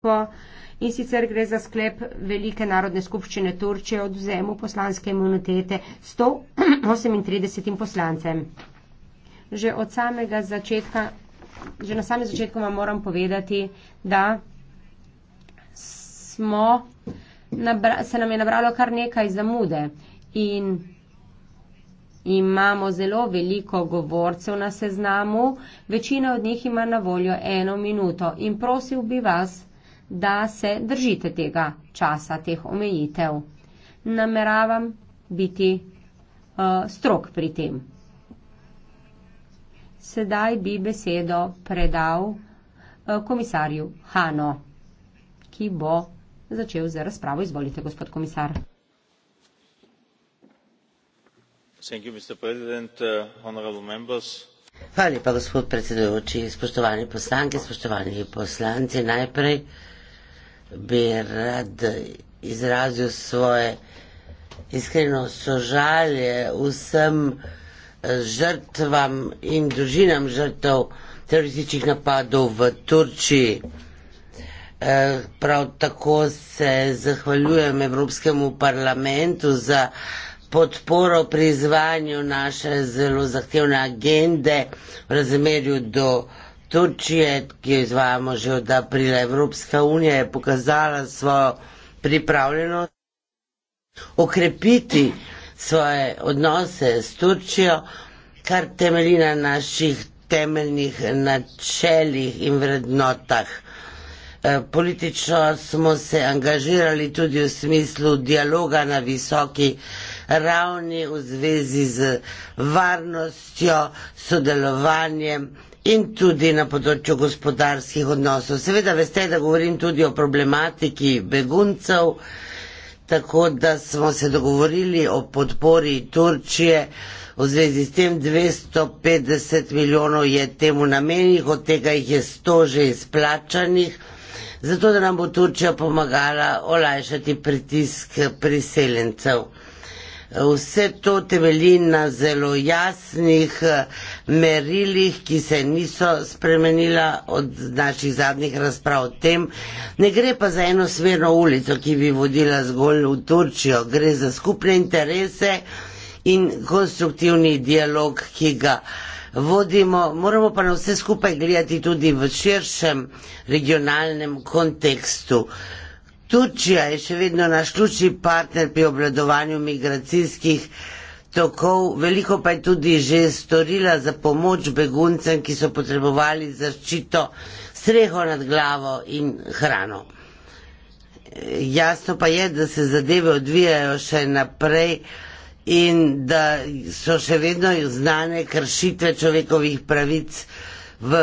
po in sicer gre za sklep Velike narodne skupščine Turčije o vzemu poslanske imunitete 138 poslancem. Že od samega začetka, že na samem začetku vam moram povedati, da smo, se nam je nabralo kar nekaj zamude in Imamo zelo veliko govorcev na seznamu, večina od njih ima na voljo eno minuto in prosil bi vas, da se držite tega časa, teh omejitev. Nameravam biti uh, eh, strok pri tem. Sedaj bi besedo predal uh, komisarju Hano, ki bo začel z razpravo. Izvolite, gospod komisar. Eh, Hvala lepa, gospod predsedujoči. Spoštovani poslanke, spoštovani poslanci, najprej bi rad izrazil svoje iskreno sožalje vsem žrtvam in družinam žrtev terorističnih napadov v Turčiji. E, prav tako se zahvaljujem Evropskemu parlamentu za podporo pri izvanju naše zelo zahtevne agende v razmerju do Turčije, ki jo izvajamo že od aprila. Evropska unija je pokazala svojo pripravljenost okrepiti svoje odnose s Turčijo, kar temelji na naših temeljnih načeljih in vrednotah. E, politično smo se angažirali tudi v smislu dialoga na visoki ravni v zvezi z varnostjo, sodelovanjem, in tudi na področju gospodarskih odnosov. Seveda veste, da govorim tudi o problematiki beguncev, tako da smo se dogovorili o podpori Turčije v zvezi s tem 250 milijonov je temu namenjenih, od tega jih je 100 že izplačanih, zato da nam bo Turčija pomagala olajšati pritisk priseljencev. Vse to temelji na zelo jasnih eh, merilih, ki se niso spremenila od naših zadnjih razprav o tem. Ne gre pa za eno smerno ulico, ki bi vodila zgolj v Turčijo. Gre za skupne interese in konstruktivni dialog, ki ga vodimo. Moramo pa na vse skupaj gledati tudi v širšem regionalnem kontekstu. Turčija je še vedno naš ključni partner pri obladovanju migracijskih tokov, veliko pa je tudi že storila za pomoč beguncem, ki so potrebovali zaščito, streho nad glavo in hrano. Jasno pa je, da se zadeve odvijajo še naprej in da so še vedno znane kršitve človekovih pravic v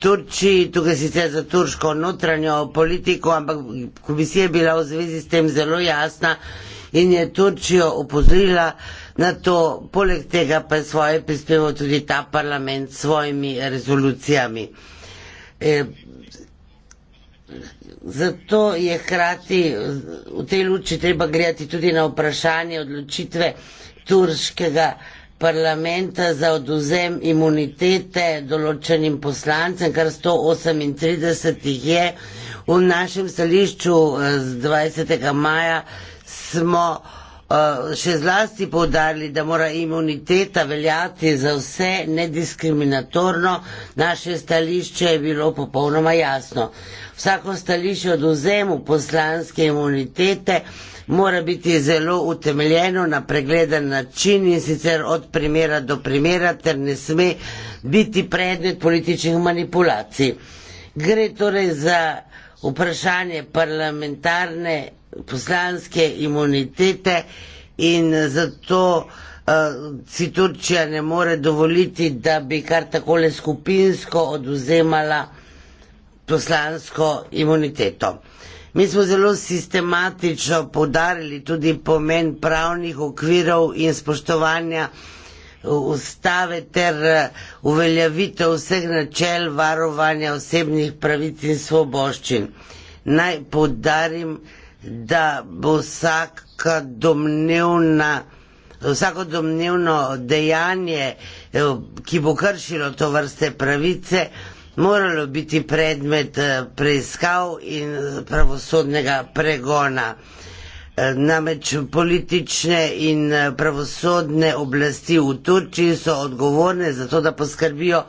Turčiji, tukaj sicer za turško notranjo politiko, ampak komisija je bila v zvezi s tem zelo jasna in je Turčijo upozorila na to, poleg tega pa je svoje prispeval tudi ta parlament s svojimi rezolucijami. E, zato je hkrati v tej luči treba gledati tudi na vprašanje odločitve turškega parlamenta za oduzem imunitete določenim poslancem, kar 138 jih je. V našem stališču eh, z 20. maja smo Eh, še zlasti povdarili, da mora imuniteta veljati za vse nediskriminatorno, naše stališče je bilo popolnoma jasno. Vsako stališče oduzemu poslanske imunitete mora biti zelo utemeljeno na pregleden način in sicer od primera do primera, ter ne sme biti predmet političnih manipulacij. Gre torej za vprašanje parlamentarne poslanske imunitete in zato uh, si Turčija ne more dovoliti, da bi kar takole skupinsko oduzemala poslansko imuniteto. Mi smo zelo sistematično podarili tudi pomen pravnih okvirov in spoštovanja ustave ter eh, uveljavitev vseh načel varovanja osebnih pravic in svoboščin. Naj podarim, da bo vsaka domnevna Vsako domnevno dejanje, eh, ki bo kršilo to vrste pravice, moralo biti predmet eh, preiskav in pravosodnega pregona. Namreč politične in eh, pravosodne oblasti v Turčiji so odgovorne za to, da poskrbijo,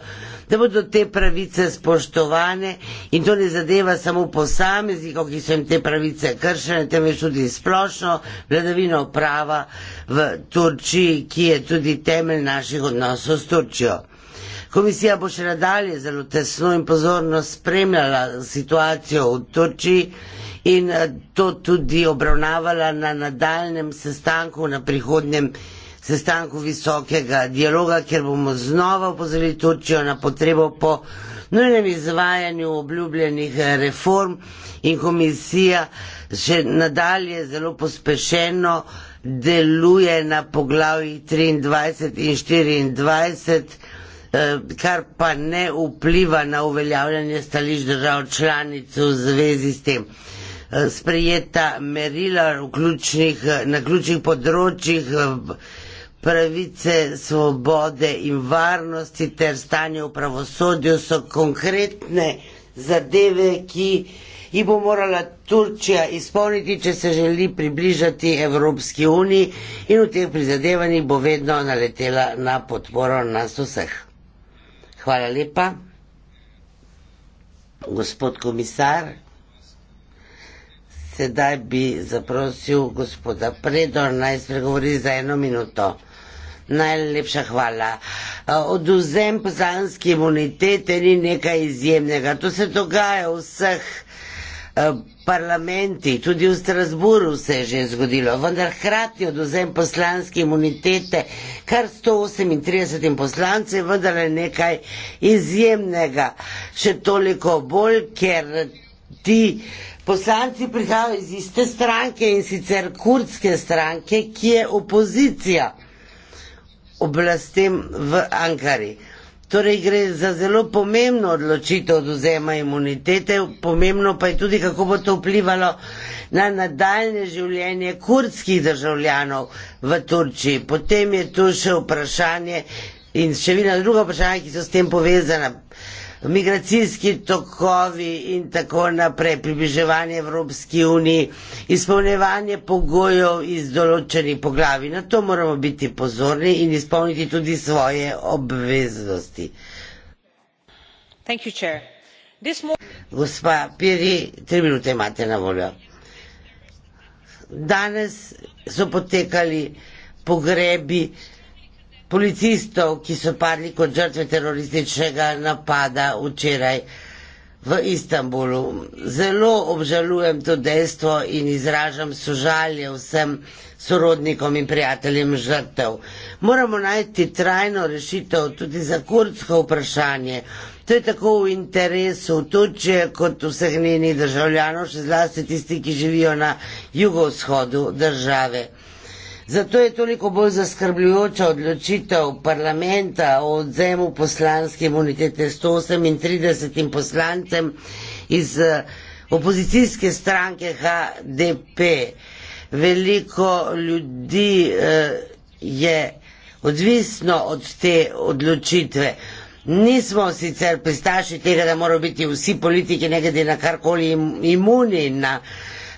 da bodo te pravice spoštovane in to ne zadeva samo posameznikov, ki so jim te pravice kršene, temveč tudi splošno vladavino prava v Turčiji, ki je tudi temelj naših odnosov s Turčijo. Komisija bo še nadalje zelo tesno in pozorno spremljala situacijo v Turčiji in eh, to tudi obravnavala na nadaljem sestanku, na prihodnjem sestanku visokega dialoga, kjer bomo znova opozorili Turčijo na potrebo po nujnem izvajanju obljubljenih eh, reform in komisija še nadalje zelo pospešeno deluje na poglavji 23 in 24. Eh, kar pa ne vpliva na uveljavljanje stališč držav članic v zvezi s tem. Eh, Sprijeta merila ključnih, eh, na ključnih področjih pravice, svobode in varnosti ter stanje v pravosodju so konkretne zadeve, ki jih bo morala Turčija izpolniti, če se želi približati Evropski uniji in v teh prizadevanjih bo vedno naletela na podporo nas vseh. Hvala lepa. Gospod komisar, sedaj bi zaprosil gospoda Predor, naj spregovori za eno minuto. Najlepša hvala. Oduzem poslanske imunitete ni nekaj izjemnega. To se dogaja v vseh eh, parlamenti, tudi v Strasburu se je že zgodilo, vendar hkrati oduzem poslanske imunitete kar 138 poslance, vendar je nekaj izjemnega, še toliko bolj, ker ti poslanci prihajajo iz iste stranke in sicer kurdske stranke, ki je opozicija oblastem v Ankari. Torej gre za zelo pomembno odločitev oduzema imunitete, pomembno pa je tudi, kako bo to vplivalo na nadaljne življenje kurdskih državljanov v Turčiji. Potem je tu še vprašanje in še vina druga vprašanja, ki so s tem povezana migracijski tokovi in tako naprej, približevanje Evropski uniji, izpolnevanje pogojev iz določenih poglavi. Na to moramo biti pozorni in izpolniti tudi svoje obveznosti. Gospa Piri, tri minute imate na voljo. Danes so potekali pogrebi policistov, ki so padli kot žrtve terorističnega napada včeraj v Istanbulu. Zelo obžalujem to dejstvo in izražam sožalje vsem sorodnikom in prijateljem žrtev. Moramo najti trajno rešitev tudi za kurdsko vprašanje. To je tako v interesu Turčije kot vseh njenih državljanov, še zlasti tisti, ki živijo na jugovzhodu države. Zato je toliko bolj zaskrbljujoča odločitev parlamenta o odzemu poslanske imunitete 138 poslancem iz eh, opozicijske stranke HDP. Veliko ljudi eh, je odvisno od te odločitve. Nismo sicer pristaši tega, da morajo biti vsi politiki, ne glede na karkoli, im, imuni na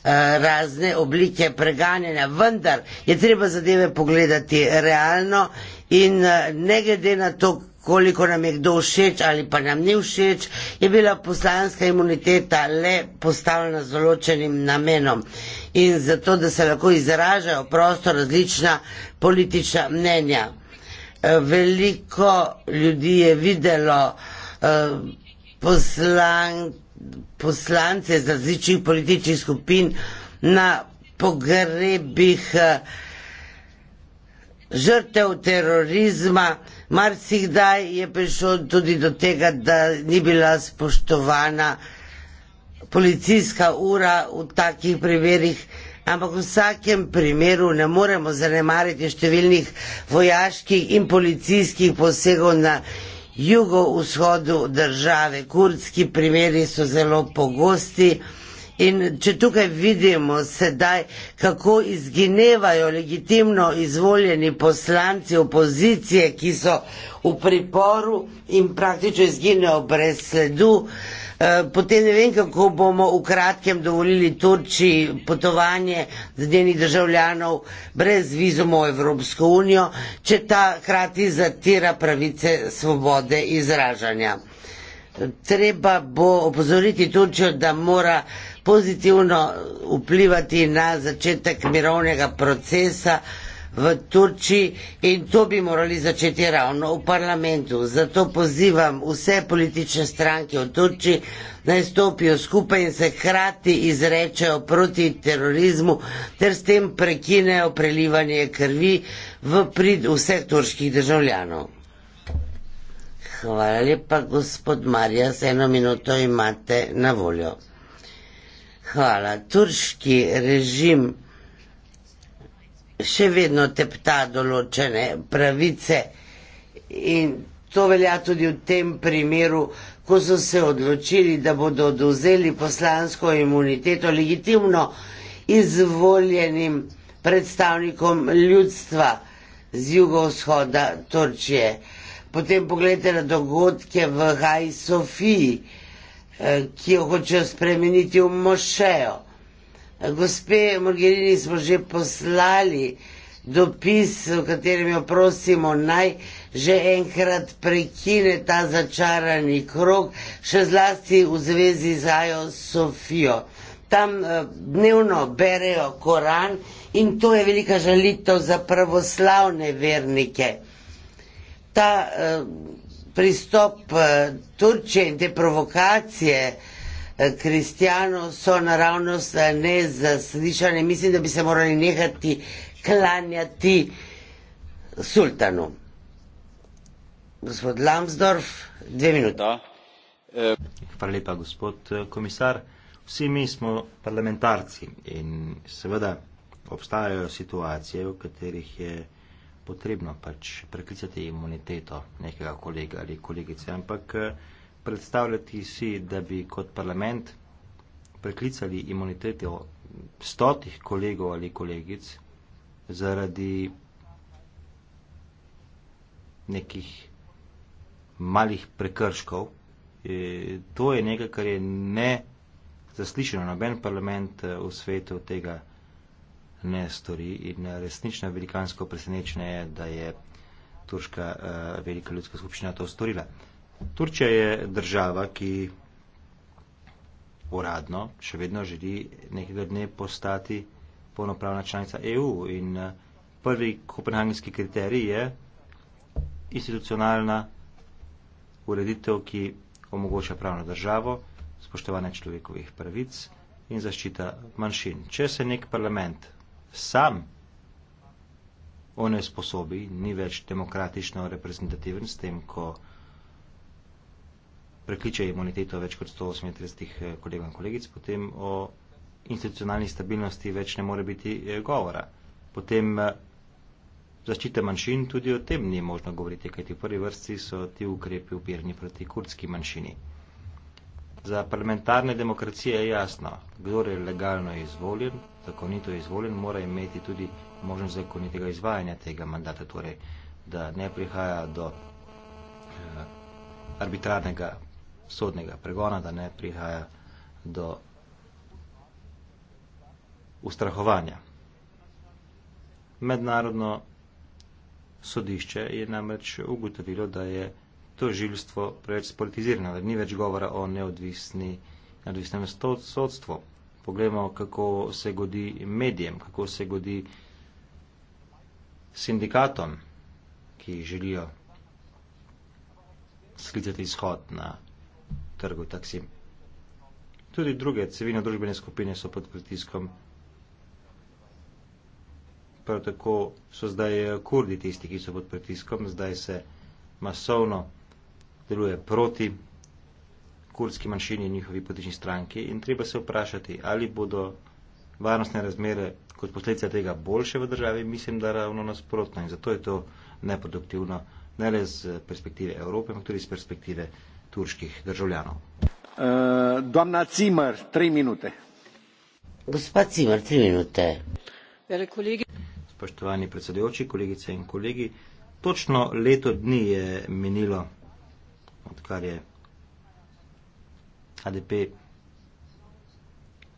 Eh, razne oblike preganjanja, vendar je treba zadeve pogledati realno in eh, ne glede na to, koliko nam je kdo všeč ali pa nam ni všeč, je bila poslanska imuniteta le postavljena z določenim namenom in zato, da se lahko izražajo prosto različna politična mnenja. Eh, veliko ljudi je videlo poslank, poslance iz različnih političnih skupin na pogrebih eh, žrtev terorizma. Marsikdaj je prišlo tudi do tega, da ni bila spoštovana policijska ura v takih primerih, ampak v vsakem primeru ne moremo zanemariti številnih vojaških in policijskih posegov na jugovzhodu države. Kurdski primeri so zelo pogosti. In če tukaj vidimo sedaj, kako izginevajo legitimno izvoljeni poslanci opozicije, ki so v priporu in praktično izginejo brez sledu, Eh, potem ne vem, kako bomo v kratkem dovolili Turčiji potovanje z njenih državljanov brez vizumov v Evropsko unijo, če ta hkrati zatira pravice svobode izražanja. Treba bo opozoriti Turčijo, da mora pozitivno vplivati na začetek mirovnega procesa, v Turčiji in to bi morali začeti ravno v parlamentu. Zato pozivam vse politične stranke v Turčiji, naj stopijo skupaj in se hkrati izrečejo proti terorizmu ter s tem prekinejo prelivanje krvi v prid vseh turških državljanov. Hvala lepa, gospod Marija, s eno minuto imate na voljo. Hvala. Turški režim še vedno tepta določene pravice in to velja tudi v tem primeru, ko so se odločili, da bodo oduzeli poslansko imuniteto legitimno izvoljenim predstavnikom ljudstva z jugovzhoda Turčije. Potem pogledajte na dogodke v Haji Sofiji, eh, ki jo hočejo spremeniti v Mošejo. Gospe Morgerini smo že poslali dopis, v katerem jo prosimo naj že enkrat prekine ta začarani krog, še zlasti v zvezi z Ajo Sofijo. Tam eh, dnevno berejo Koran in to je velika žalitev za pravoslavne vernike. Ta eh, pristop eh, Turčije in te provokacije, kristijanov so naravnost nezaslišane. Mislim, da bi se morali nehati klanjati sultanu. Gospod Lambsdorff, dve minute. Da. Eh, Hvala lepa, gospod eh, komisar. Vsi mi smo parlamentarci in seveda obstajajo situacije, v katerih je potrebno pač preklicati imuniteto nekega kolega ali kolegice, ampak eh, predstavljati si, da bi kot parlament preklicali imunitete stotih kolegov ali kolegic zaradi nekih malih prekrškov. E, to je nekaj, kar je ne zaslišeno. Noben parlament e, v svetu tega ne stori in e, resnično velikansko presenečenje je, da je Turška e, velika ljudska skupščina to storila. Turčija je država, ki uradno še vedno želi nekega dne postati polnopravna članica EU. In eh, prvi kopenhagenski kriterij je institucionalna ureditev, ki omogoča pravno državo, spoštovanje človekovih pravic in zaščita manjšin. Če se nek parlament sam one sposobi, ni več demokratično reprezentativen s tem, ko prekliče imuniteto več kot 138 eh, kolegov in kolegic, potem o institucionalni stabilnosti več ne more biti eh, govora. Potem eh, zaščite manjšin tudi o tem ni možno govoriti, kajti v prvi vrsti so ti ukrepi upirni proti kurdski manjšini. Za parlamentarne demokracije je jasno, kdo je legalno izvoljen, zakonito izvoljen, mora imeti tudi možnost zakonitega izvajanja tega mandata, torej da ne prihaja do eh, arbitrarnega sodnega pregona, da ne prihaja do ustrahovanja. Mednarodno sodišče je namreč ugotovilo, da je to življstvo preveč spolitizirano, da ni več govora o neodvisni, neodvisnem sodstvu. Poglejmo, kako se godi medijem, kako se godi sindikatom, ki želijo sklicati izhod na trgu Taksim. Tudi druge civilne družbene skupine so pod pritiskom. Prav tako so zdaj eh, kurdi tisti, ki so pod pritiskom, zdaj se masovno deluje proti kurdski manjšini in njihovi politični stranki in treba se vprašati, ali bodo varnostne razmere kot posledica tega boljše v državi, mislim, da ravno nasprotno in zato je to neproduktivno, ne le z perspektive Evrope, ampak tudi z perspektive Evrope turških državljanov. E, Spoštovani predsedujoči, kolegice in kolegi, točno leto dni je minilo, odkar je HDP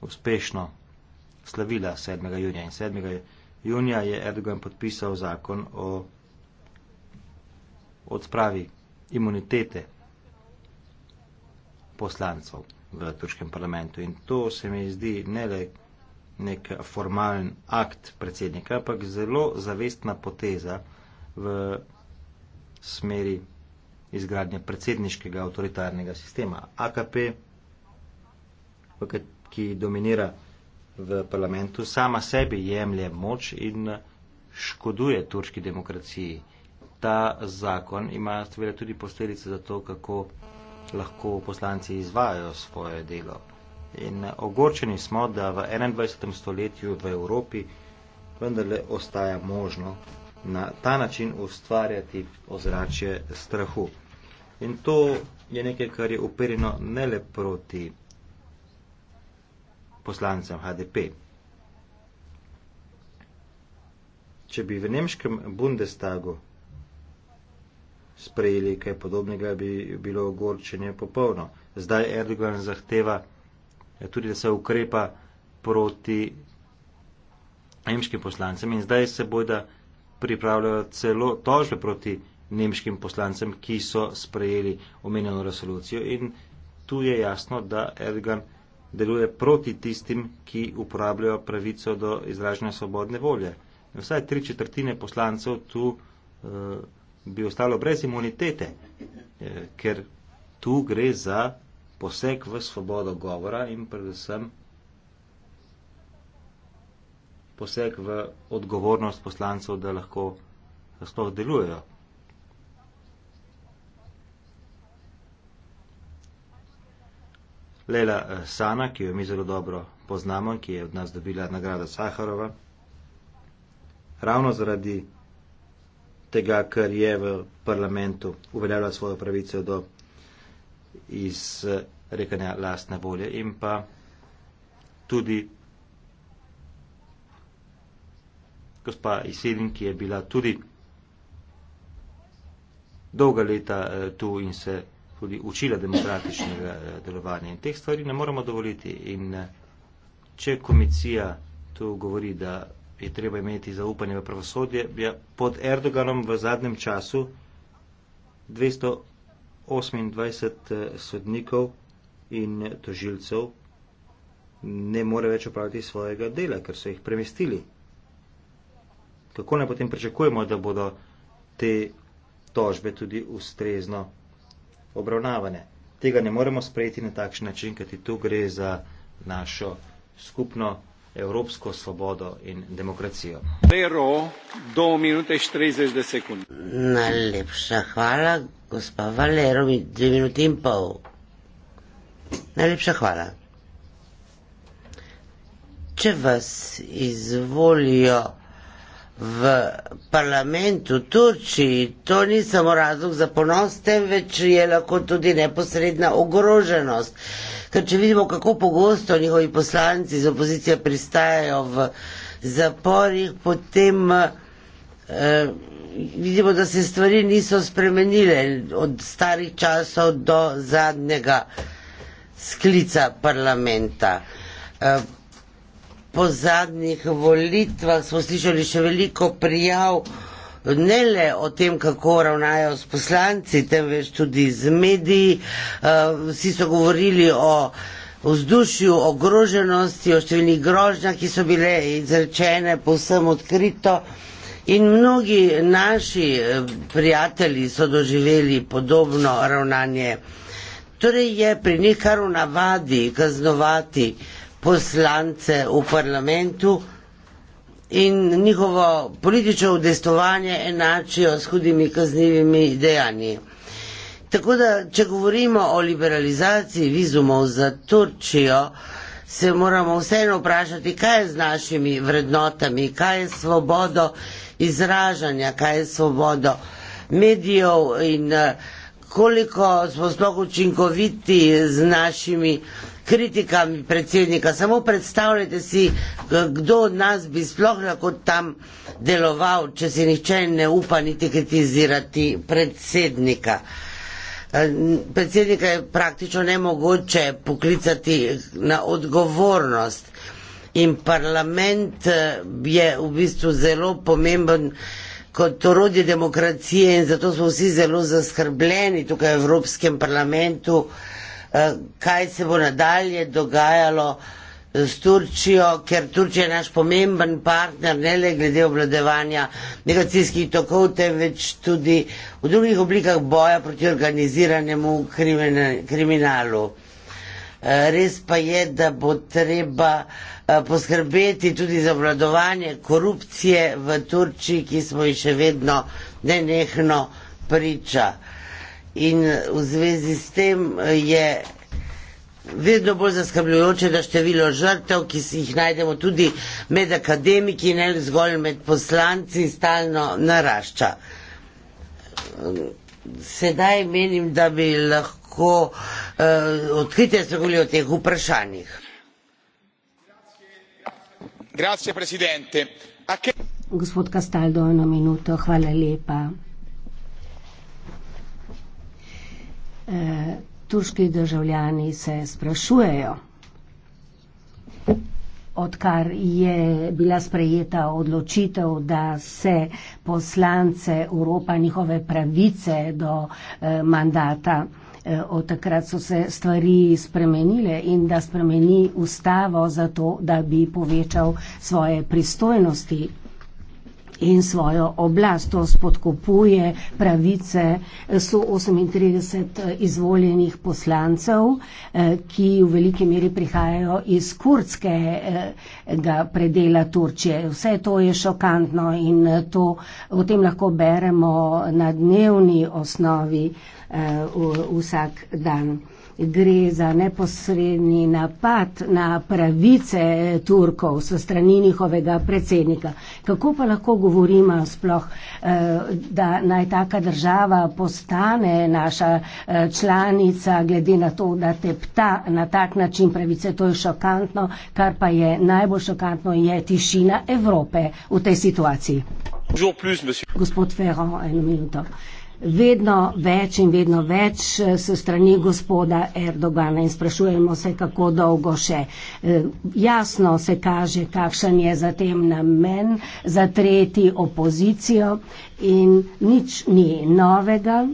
uspešno slavila 7. junija. In 7. junija je Erdogan podpisal zakon o odpravi imunitete poslancev v turškem parlamentu. In to se mi zdi ne le nek formalen akt predsednika, ampak zelo zavestna poteza v smeri izgradnje predsedniškega avtoritarnega sistema. AKP, ki dominira v parlamentu, sama sebi jemlje moč in škoduje turški demokraciji. Ta zakon ima tudi posledice za to, kako lahko poslanci izvajajo svoje delo. In ogorčeni smo, da v 21. stoletju v Evropi vendarle ostaja možno na ta način ustvarjati ozračje strahu. In to je nekaj, kar je upereno ne le proti poslancem HDP. Če bi v nemškem Bundestagu sprejeli kaj podobnega, bi bilo ogorčenje popolno. Zdaj Erdogan zahteva eh, tudi, da se ukrepa proti nemškim poslancem in zdaj se bojda pripravljajo celo tožbe proti nemškim poslancem, ki so sprejeli omenjeno resolucijo in tu je jasno, da Erdogan deluje proti tistim, ki uporabljajo pravico do izražanja svobodne volje. Vsaj tri četrtine poslancev tu uh, bi ostalo brez imunitete, eh, ker tu gre za poseg v svobodo govora in predvsem poseg v odgovornost poslancev, da lahko sploh delujejo. Lela eh, Sana, ki jo mi zelo dobro poznamo, ki je od nas dobila nagrado Saharova, ravno zaradi tega, kar je v parlamentu uveljavila svojo pravico do izrekanja lastne volje in pa tudi gospa Isilin, ki je bila tudi dolga leta eh, tu in se tudi učila demokratičnega eh, delovanja. In teh stvari ne moremo dovoliti. In eh, če komisija tu govori, da je treba imeti zaupanje v pravosodje, je pod Erdoganom v zadnjem času 228 eh, sodnikov in eh, tožilcev ne more več opraviti svojega dela, ker so jih premestili. Kako naj potem pričakujemo, da bodo te tožbe tudi ustrezno obravnavane? Tega ne moremo sprejeti na takšen način, kajti tu gre za našo skupno evropsko svobodo in demokracijo. Vero, Najlepša hvala, gospa Valero, mi dve minuti in pol. Najlepša hvala. Če vas izvolijo v parlamentu Turčiji, to ni samo razlog za ponos, temveč je lahko tudi neposredna ogroženost. Ker če vidimo, kako pogosto njihovi poslanci iz opozicije pristajajo v zaporih, potem eh, vidimo, da se stvari niso spremenile od starih časov do zadnjega sklica parlamenta. Eh, po zadnjih volitvah smo slišali še veliko prijav, ne le o tem, kako ravnajo s poslanci, temveč tudi z mediji. Eh, vsi so govorili o vzdušju, ogroženosti, o številnih grožnjah, ki so bile izrečene povsem odkrito. In mnogi naši eh, prijatelji so doživeli podobno ravnanje. Torej je pri njih kar v navadi kaznovati uh, poslance v parlamentu in njihovo politično udestovanje enačijo s hudimi kaznjivimi dejanji. Tako da, če govorimo o liberalizaciji vizumov za Turčijo, se moramo vseeno vprašati, kaj je z našimi vrednotami, kaj je svobodo izražanja, kaj je svobodo medijev in uh, koliko smo sploh učinkoviti z našimi kritikami predsednika. Samo predstavljajte si, kdo od nas bi sploh lahko tam deloval, če si nihče ne upa niti kritizirati predsednika. Predsednika je praktično nemogoče poklicati na odgovornost in parlament eh, je v bistvu zelo pomemben kot orodje demokracije in zato smo vsi zelo zaskrbljeni tukaj v Evropskem parlamentu, eh, kaj se bo nadalje dogajalo eh, s Turčijo, ker Turčija je naš pomemben partner, ne le glede obladevanja negacijskih tokov, temveč tudi v drugih oblikah boja proti organiziranemu kriminalu. Eh, res pa je, da bo treba Eh, poskrbeti tudi za obladovanje korupcije v Turčiji, ki smo ji še vedno nenehno priča. In v zvezi s tem je vedno bolj zaskrbljujoče, da število žrtev, ki si jih najdemo tudi med akademiki, ne zgolj med poslanci, stalno narašča. Sedaj menim, da bi lahko uh, eh, odkrite se o teh vprašanjih grazie presidente che... gospod castaldo eno minuto hvala lepa e, turški državljani se sprašujejo odkar je bila sprejeta odločitev, da se poslance Evropa njihove pravice do e, mandata Eh, od takrat so se stvari spremenile in da spremeni ustavo za to, da bi povečal svoje pristojnosti in svojo oblast. To spodkopuje pravice 138 eh, izvoljenih poslancev, eh, ki v veliki meri prihajajo iz kurdskega eh, predela Turčije. Vse to je šokantno in to, o tem lahko beremo na dnevni osnovi vsak dan gre za neposredni napad na pravice Turkov so strani njihovega predsednika. Kako pa lahko govorimo sploh, eh, da naj taka država postane naša eh, članica, glede na to, da tepta na tak način pravice, to je šokantno, kar pa je najbolj šokantno, je tišina Evrope v tej situaciji. Gospod Ferro, eno minuto vedno več in vedno več eh, s strani gospoda Erdogana in sprašujemo se, kako dolgo še. Eh, jasno se kaže, kakšen je zatem namen za tretji opozicijo in nič ni novega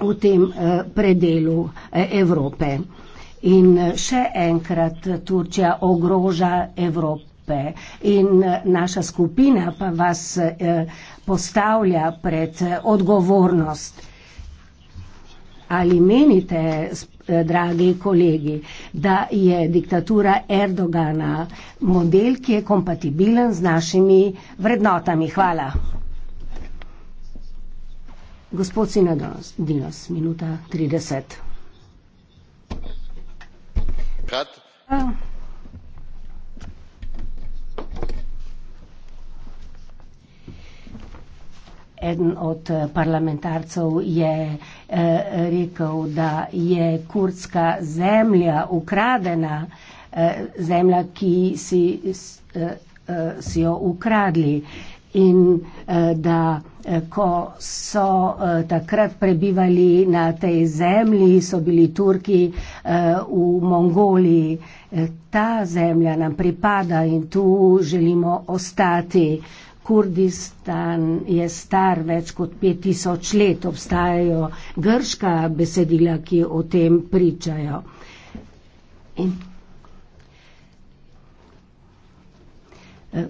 v tem eh, predelu Evrope. In še enkrat, Turčija ogroža Evropo skupe in eh, naša skupina pa vas eh, postavlja pred eh, odgovornost. Ali menite, dragi kolegi, da je diktatura Erdogana model, ki je kompatibilen z našimi vrednotami? Hvala. Gospod Sinodonos, Dinos, minuta 30. Kratko. eden od eh, parlamentarcev je eh, rekel, da je kurdska zemlja ukradena, eh, zemlja, ki si, si jo ukradli in da ko so takrat prebivali na tej zemlji, so bili Turki v Mongoliji. Ta zemlja nam pripada in tu želimo ostati. Kurdistan je star več kot 5000 let, obstajajo grška besedila, ki o tem pričajo. In eh,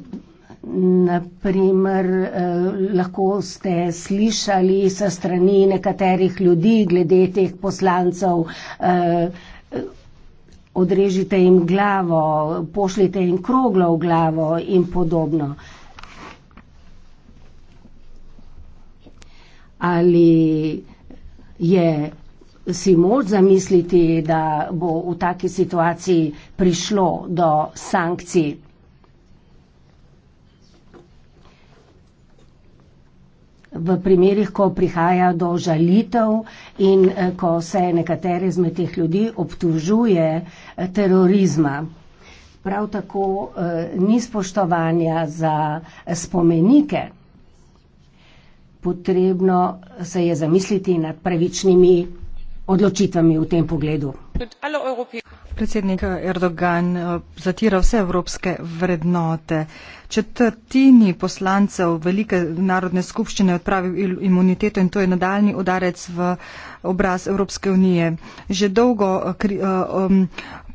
Naprimer, eh, lahko ste slišali sa strani nekaterih ljudi glede teh poslancev, eh, odrežite jim glavo, pošljite jim kroglo v glavo in podobno. ali je si moč zamisliti, da bo v taki situaciji prišlo do sankcij. v primerih, ko prihaja do žalitev in eh, ko se nekatere izmed teh ljudi obtužuje eh, terorizma. Prav tako eh, ni spoštovanja za spomenike potrebno se je zamisliti nad pravičnimi odločitvami v tem pogledu. Predsednik Erdogan eh, zatira vse evropske vrednote. Četrtini poslancev velike narodne skupščine odpravil imuniteto in to je nadaljni udarec v obraz Evropske unije. Že dolgo eh, eh, um,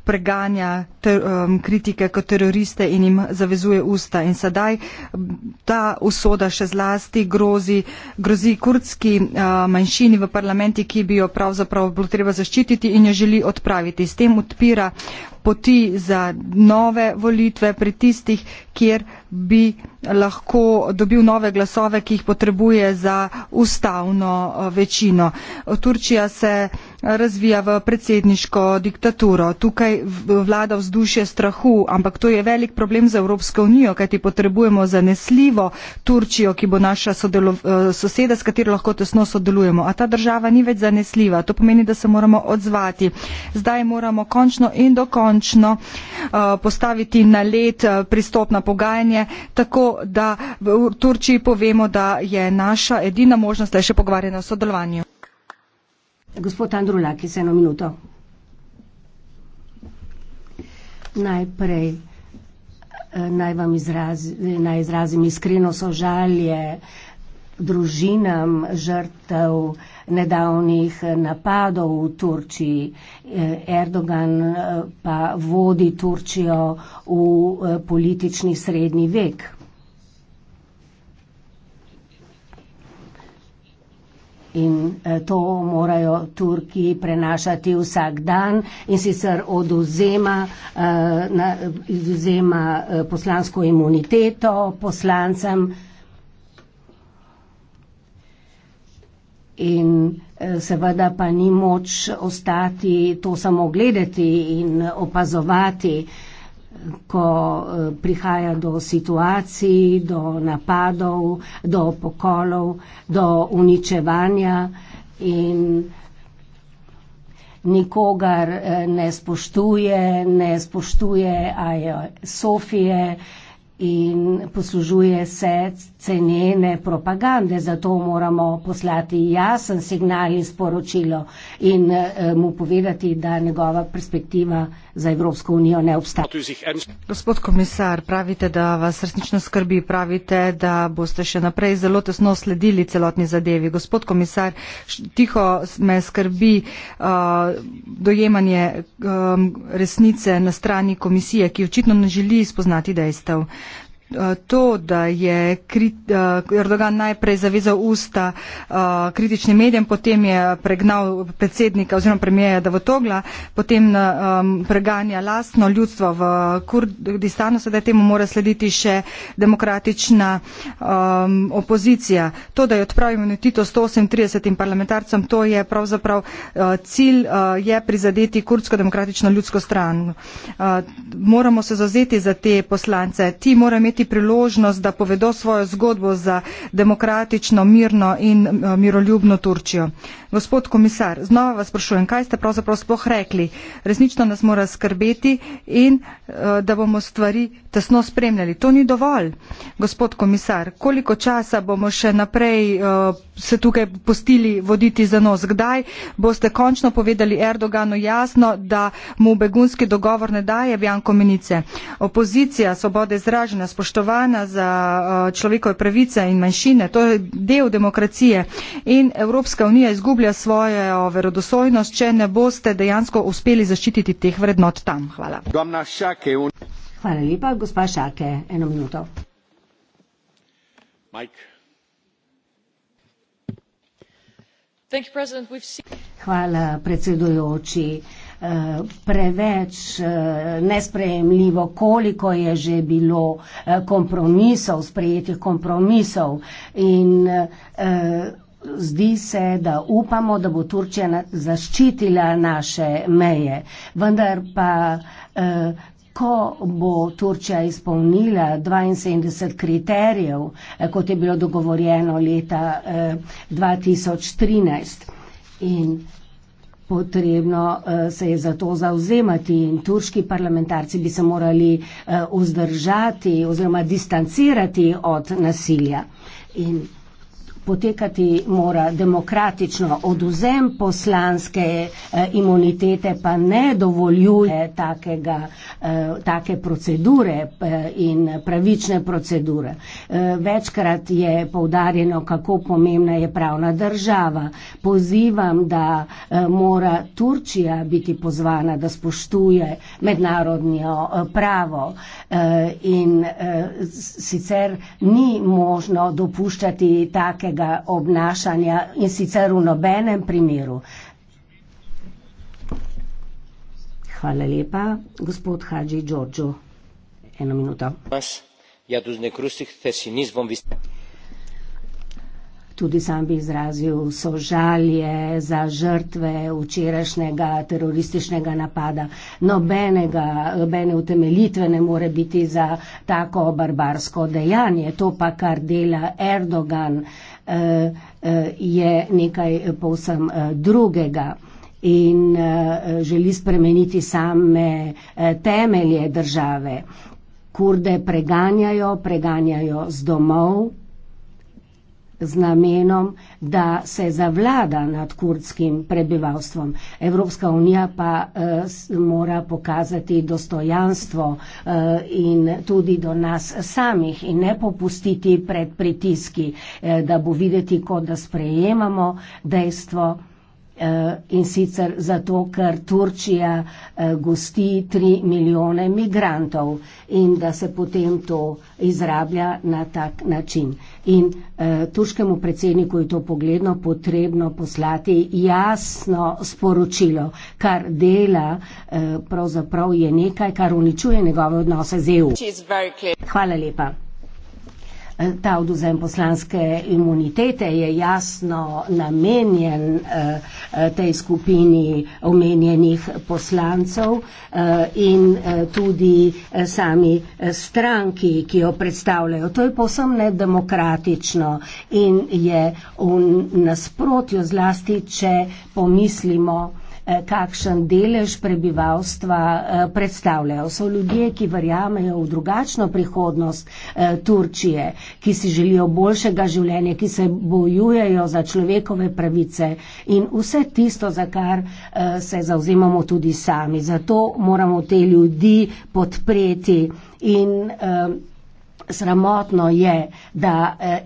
preganja ter, um, kritike kot teroriste in jim zavezuje usta. In sedaj ta usoda še zlasti grozi, grozi kurdski uh, manjšini v parlamenti, ki bi jo pravzaprav bilo treba zaščititi in jo želi odpraviti. S tem odpira poti za nove volitve pri tistih, kjer bi lahko dobil nove glasove, ki jih potrebuje za ustavno eh, večino. Turčija se eh, razvija v predsedniško diktaturo. Tukaj vlada vzdušje strahu, ampak to je velik problem za Evropsko unijo, kajti potrebujemo zanesljivo Turčijo, ki bo naša eh, soseda, s katero lahko tesno sodelujemo. A ta država ni več zanesljiva. To pomeni, da se moramo odzvati. Zdaj moramo končno in dokončno končno eh, postaviti na let eh, pristopna pogajanja, tako da v Turčiji povemo, da je naša edina možnost le še pogovarjanje o sodelovanju. Gospod Andrulak, se eno minuto. Najprej eh, naj vam izrazim, naj izrazim iskreno sožalje družinam žrtev nedavnih napadov v Turčiji. Erdogan eh, pa vodi Turčijo v eh, politični srednji vek. In eh, to morajo Turki prenašati vsak dan in sicer oduzema, oduzema poslansko imuniteto poslancem. in eh, seveda pa ni moč ostati to samo gledati in opazovati, ko eh, prihaja do situacij, do napadov, do pokolov, do uničevanja in nikogar eh, ne spoštuje, ne spoštuje Aja Sofije, in poslužuje se cenene propagande, zato moramo poslati jasen signal in sporočilo in eh, mu povedati, da njegova perspektiva za Evropsko unijo ne obstaja. Gospod komisar, pravite, da vas resnično skrbi, pravite, da boste še naprej zelo tesno sledili celotni zadevi. Gospod komisar, tiho me skrbi uh, dojemanje um, resnice na strani komisije, ki očitno ne želi spoznati dejstev. Eh, to, da je eh, Erdogan najprej zavezal usta eh, kritičnim medijem, potem je pregnal predsednika oziroma premijeja Davotogla, potem preganja lastno ljudstvo v Kurdistanu, sedaj temu mora slediti še demokratična opozicija. To, da je odpravil imunitito 138 parlamentarcem, to je pravzaprav cilj, je prizadeti kurdsko demokratično ljudsko stran. Moramo se zazeti za te poslance imeti priložnost, da povedo svojo zgodbo za demokratično, mirno in eh, miroljubno Turčijo. Gospod komisar, znova vas sprašujem, kaj ste pravzaprav sploh rekli? Resnično nas mora skrbeti in eh, da bomo stvari tesno spremljali. To ni dovolj, gospod komisar. Koliko časa bomo še naprej eh, se tukaj postili voditi za nos? Kdaj boste končno povedali Erdoganu jasno, da mu begunski dogovor ne daje bjankomenice? Opozicija, svobode izražena, sprašujem spoštovana za eh, človekove pravice in manjšine. To je del demokracije in Evropska unija izgublja svojo verodosojnost, če ne boste dejansko uspeli zaščititi teh vrednot tam. Hvala. Hvala lepa, gospa Šake. Eno minuto. Mike. Hvala, predsedujoči. Uh, preveč eh, nesprejemljivo, koliko je že bilo eh, kompromisov, sprejetih kompromisov in eh, zdi se, da upamo, da bo Turčija zaščitila naše meje. Vendar pa, ko bo Turčija izpolnila 72 kriterijev, kot je bilo dogovorjeno leta 2013 in potrebno eh, se je za to zavzemati in turški parlamentarci bi se morali eh, vzdržati oziroma distancirati od nasilja. In potekati mora demokratično. Oduzem poslanske eh, imunitete pa ne dovoljuje takega, eh, take procedure eh, in pravične procedure. Večkrat je povdarjeno, kako pomembna je pravna država. Pozivam, da mora Turčija biti pozvana, da spoštuje mednarodno pravo in sicer ni možno dopuščati takega takega obnašanja in sicer v nobenem primeru. Hvala lepa, gospod Hadži Đorđu. Eno minuto. Ja tu nekrusih, te si nizbom vi... Tudi sam bi izrazil sožalje za žrtve včerajšnjega terorističnega napada. Nobenega, nobene utemeljitve ne more biti za tako barbarsko dejanje. To pa, kar dela Erdogan, eh, Eh, eh, je nekaj eh, povsem drugega in želi spremeniti same temelje države. Kurde preganjajo, preganjajo z domov, z namenom, da se zavlada nad kurdskim prebivalstvom. Evropska unija pa e, mora pokazati dostojanstvo e, in tudi do nas samih in ne popustiti pred pritiski, e, da bo videti, kot da sprejemamo dejstvo. Eh, in sicer zato, ker Turčija eh, gosti 3 milijone migrantov in da se potem to izrablja na tak način. In eh, turškemu predsedniku je to pogledno potrebno poslati jasno sporočilo, kar dela eh, pravzaprav je nekaj, kar uničuje njegove odnose z EU. Hvala lepa ta oduzem poslanske imunitete je jasno namenjen eh, eh, tej skupini omenjenih poslancev eh, in tudi sami stranki, ki jo predstavljajo. To je posem nedemokratično in je v nasprotju zlasti, če pomislimo, Eh, kakšen delež prebivalstva eh, predstavljajo. So ljudje, ki verjamejo v drugačno prihodnost eh, Turčije, ki si želijo boljšega življenja, ki se bojujejo za človekove pravice in vse tisto, za kar se zauzemamo tudi sami. Zato moramo te ljudi podpreti in sramotno je, da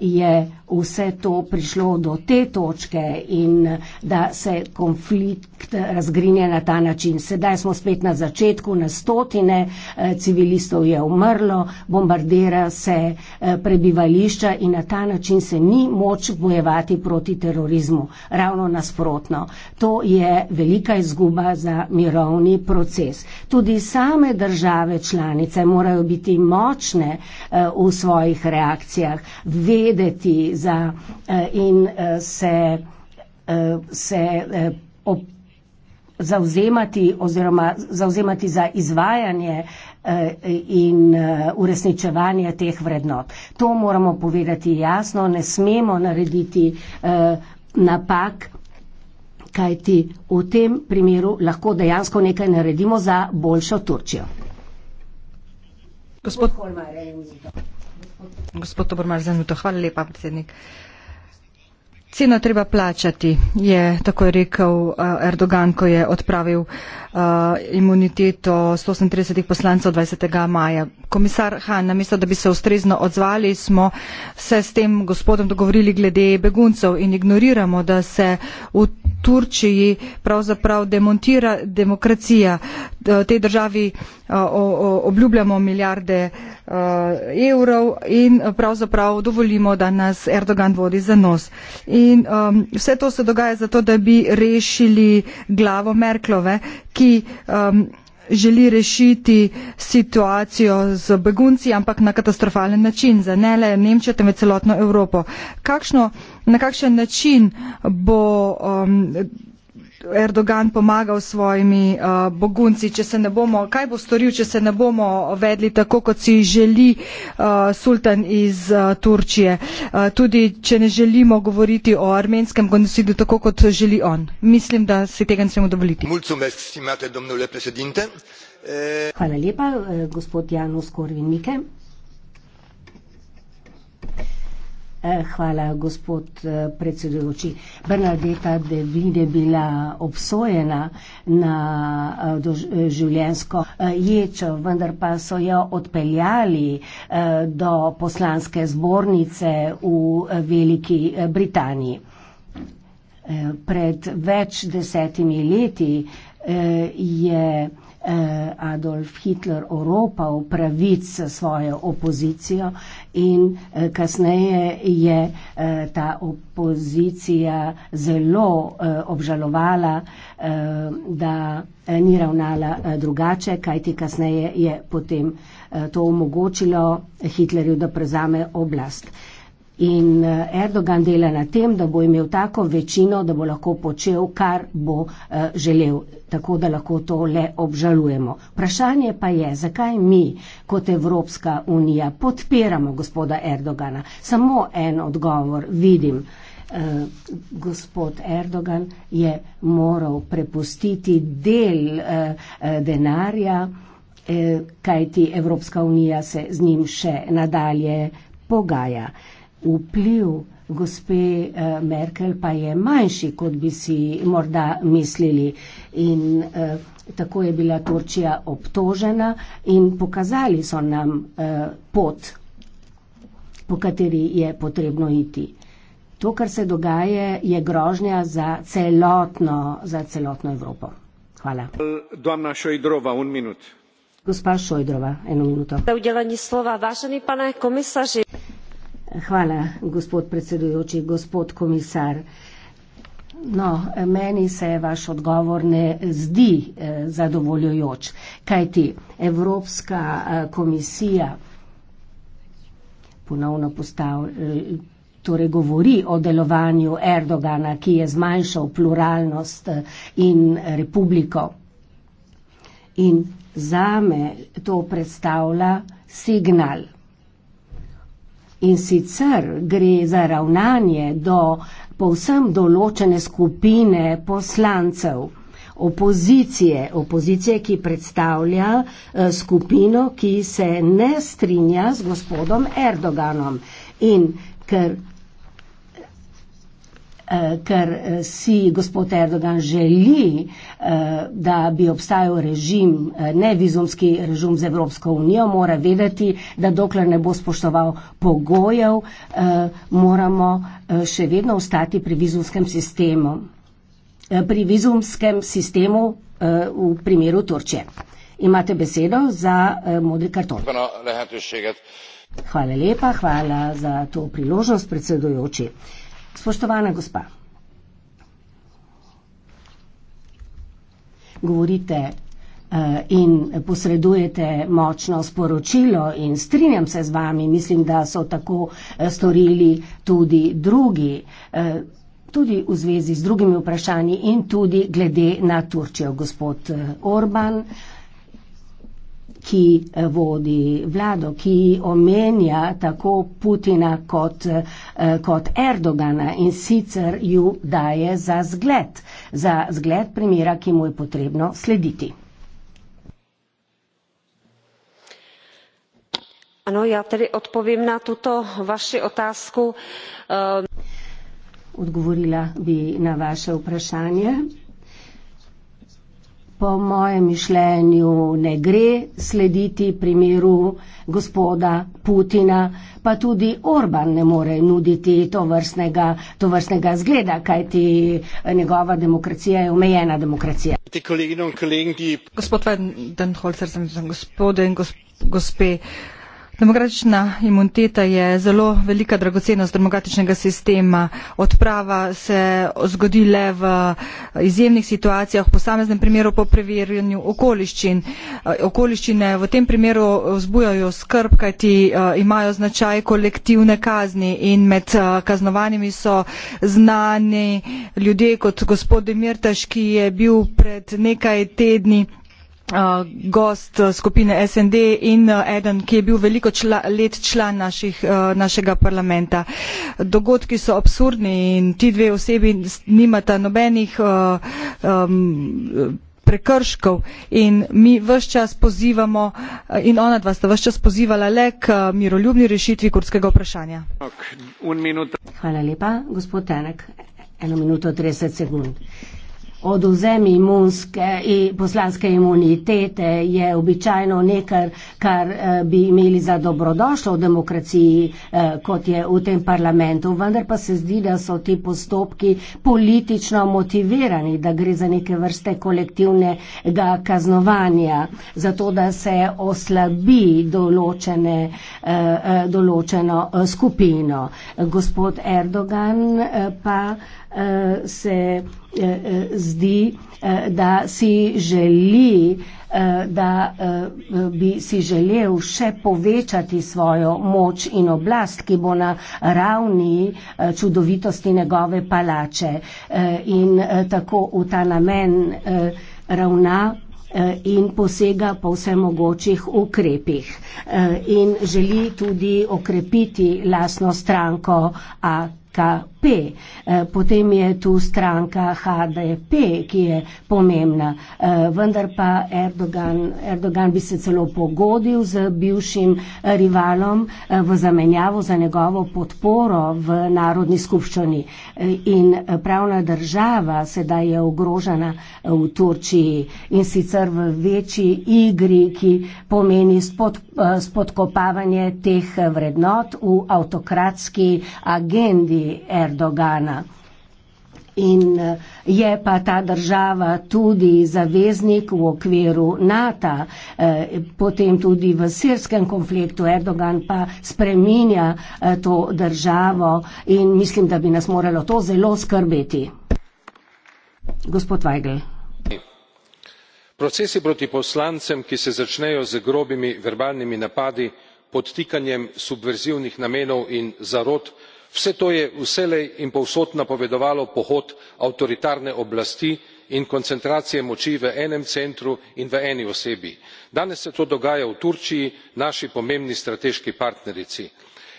je vse to prišlo do te točke in da se konflikt razgrinja na ta način. Sedaj smo spet na začetku, na stotine eh, civilistov je umrlo, bombardira se eh, prebivališča in na ta način se ni moč bojevati proti terorizmu. Ravno nasprotno. To je velika izguba za mirovni proces. Tudi same države članice morajo biti močne eh, v svojih reakcijah, vedeti, za, eh, in eh, se, eh, se op, zauzemati oziroma zauzemati za izvajanje in uresničevanje teh vrednot. To moramo povedati jasno, ne smemo narediti napak, kajti v tem primeru lahko dejansko nekaj naredimo za boljšo Turčijo. Gospod Holmar, je muzika. Gospod Obromar, za minuto. Hvala lepa, predsednik. Ceno treba plačati, je takoj rekel eh, Erdogan, ko je odpravil uh, imuniteto 138 poslancev 20. maja. Komisar Han, namesto da bi se ustrezno odzvali, smo se s tem gospodom dogovorili glede beguncev in ignoriramo, da se v Turčiji pravzaprav demontira demokracija te državi eh, obljubljamo milijarde eh, evrov in pravzaprav dovolimo, da nas Erdogan vodi za nos. In ehm, vse to se dogaja zato, da bi rešili glavo Merklove, ki ehm, želi rešiti situacijo z begunci, ampak na katastrofalen način, za ne le Nemčijo, temveč celotno Evropo. Kakšno, na kakšen način bo um, Erdogan pomagal svojimi uh, bogunci, če se ne bomo, kaj bo storil, če se ne bomo vedli tako, kot si želi uh, sultan iz uh, Turčije. Uh, tudi, če ne želimo govoriti o armenskem genocidu tako, kot želi on. Mislim, da si tega ne smemo dovoliti. Hvala lepa, eh, gospod Janus Korvin-Mike. Eh, hvala, gospod eh, predsedujoči. Bernadeta Devin je bila obsojena na eh, življensko ječo, vendar pa so jo odpeljali do poslanske zbornice v Veliki Britaniji. Pred več desetimi leti je Adolf Hitler oropal pravic svojo opozicijo, in eh, kasneje je eh, ta opozicija zelo eh, obžalovala, da ni ravnala drugače, kajti kasneje je potem to omogočilo Hitlerju, da prezame oblast. In eh, Erdogan dela na tem, da bo imel tako večino, da bo lahko počel, kar bo eh, želel. Tako da lahko to le obžalujemo. Vprašanje pa je, zakaj mi kot Evropska unija podpiramo gospoda Erdogana. Samo en odgovor vidim. Uh, gospod Erdogan je moral prepustiti del uh, denarja, uh, kajti Evropska unija se z njim še nadalje pogaja. Uh, vpliv gospe eh, Merkel pa je manjši, kot bi si morda mislili. In eh, tako je bila Turčija obtožena in pokazali so nam eh, pot, po kateri je potrebno iti. To, kar se dogaja, je grožnja za celotno, za celotno Evropo. Hvala. Dvamna Šojdrova, un minut. Gospa Šojdrova, eno minuto. Da udelani slova, vašeni pane komisarji. Hvala, gospod predsedujoči, gospod komisar. No, meni se vaš odgovor ne zdi eh, zadovoljujoč, kajti Evropska eh, komisija ponovno postavlja. Eh, torej, govori o delovanju Erdogana, ki je zmanjšal pluralnost in republiko. In za me to predstavlja signal in sicer gre za ravnanje do povsem določene skupine poslancev. Opozicije, opozicije, ki predstavlja eh, skupino, ki se ne strinja z gospodom Erdoganom. In ker ker eh, si gospod Erdogan želi, eh, da bi obstajal režim, eh, nevizumski režim z Evropsko unijo, mora vedeti, da dokler ne bo spoštoval pogojev, moramo še vedno ostati pri vizumskem sistemu, pri vizumskem sistemu v primeru Turčije. Imate besedo za modri karton. Hvala lepa, hvala za to priložnost, predsedujoči. Spoštovana gospa, govorite eh, in posredujete močno sporočilo in strinjam se z vami, mislim, da so tako eh, storili tudi drugi, eh, tudi v zvezi z drugimi vprašanji in tudi glede na Turčijo, gospod Orban ki eh, vodi vlado, ki omenja tako Putina kot, eh, kot Erdogana in sicer ju daje za zgled, za zgled primera, ki mu je potrebno slediti. Ano, ja tedy odpovim na tuto vaši otázku. Odgovorila bi na vaše vprašanje po mojem mišljenju ne gre slediti primeru gospoda Putina, pa tudi Orban ne more nuditi to vrstnega, to vrstnega zgleda, kajti njegova demokracija je omejena demokracija. Gospod Vendenholzer, gospode in gospe. Demokratična imuniteta je zelo velika dragocenost demokratičnega sistema. Odprava se zgodi le v eh, izjemnih situacijah, v posameznem primeru po preverjanju okoliščin. Eh, okoliščine v tem primeru eh, vzbujajo skrb, kajti imajo značaj kolektivne kazni in med kaznovanimi so znani ljudje kot gospod Demirtaš, ki je bil pred nekaj tedni gost skupine SND in eden, ki je bil veliko čla, let član naših, našega parlamenta. Dogodki so absurdni in ti dve osebi nimata nobenih um, prekrškov in mi vse čas pozivamo in ona dva sta vse čas pozivala le k miroljubni rešitvi kurdskega vprašanja. Hvala lepa, gospod Tenek. Eno minuto 30 sekund odvzem imunske in poslanske imunitete je običajno nekaj, kar eh, bi imeli za dobrodošlo v demokraciji, eh, kot je v tem parlamentu. Vendar pa se zdi, da so ti postopki politično motivirani, da gre za neke vrste kolektivnega kaznovanja, zato da se oslabi določene, eh, določeno skupino. Gospod Erdogan pa se eh, eh, zdi, eh, da si želi, da bi si želel še povečati svojo moč in oblast, ki bo na ravni čudovitosti njegove palače. In tako v ta namen ravna in posega po vse mogočih ukrepih in želi tudi okrepiti lasno stranko AKP. HDP, eh, potem je tu stranka HDP, ki je pomembna. Eh, vendar pa Erdogan, Erdogan bi se celo pogodil z bivšim eh, rivalom v zamenjavo za njegovo podporo v Narodni skupščini. In pravna država sedaj je ogrožena v Turčiji in sicer v večji igri, ki pomeni spod, spodkopavanje teh vrednot v avtokratski agendi Erdogan. Erdogana. In eh, je pa ta država tudi zaveznik v okviru NATO, eh, potem tudi v sirskem konfliktu. Erdogan pa spreminja eh, to državo in mislim, da bi nas moralo to zelo skrbeti. Gospod Weigl. Procesi proti poslancem, ki se začnejo z grobimi verbalnimi napadi, podtikanjem subverzivnih namenov in zarot, vse to je vselej in povsod napovedovalo pohod avtoritarne oblasti in koncentracije moči v enem centru in v eni osebi. danes se to dogaja v turčiji naši pomembni strateški partnerici.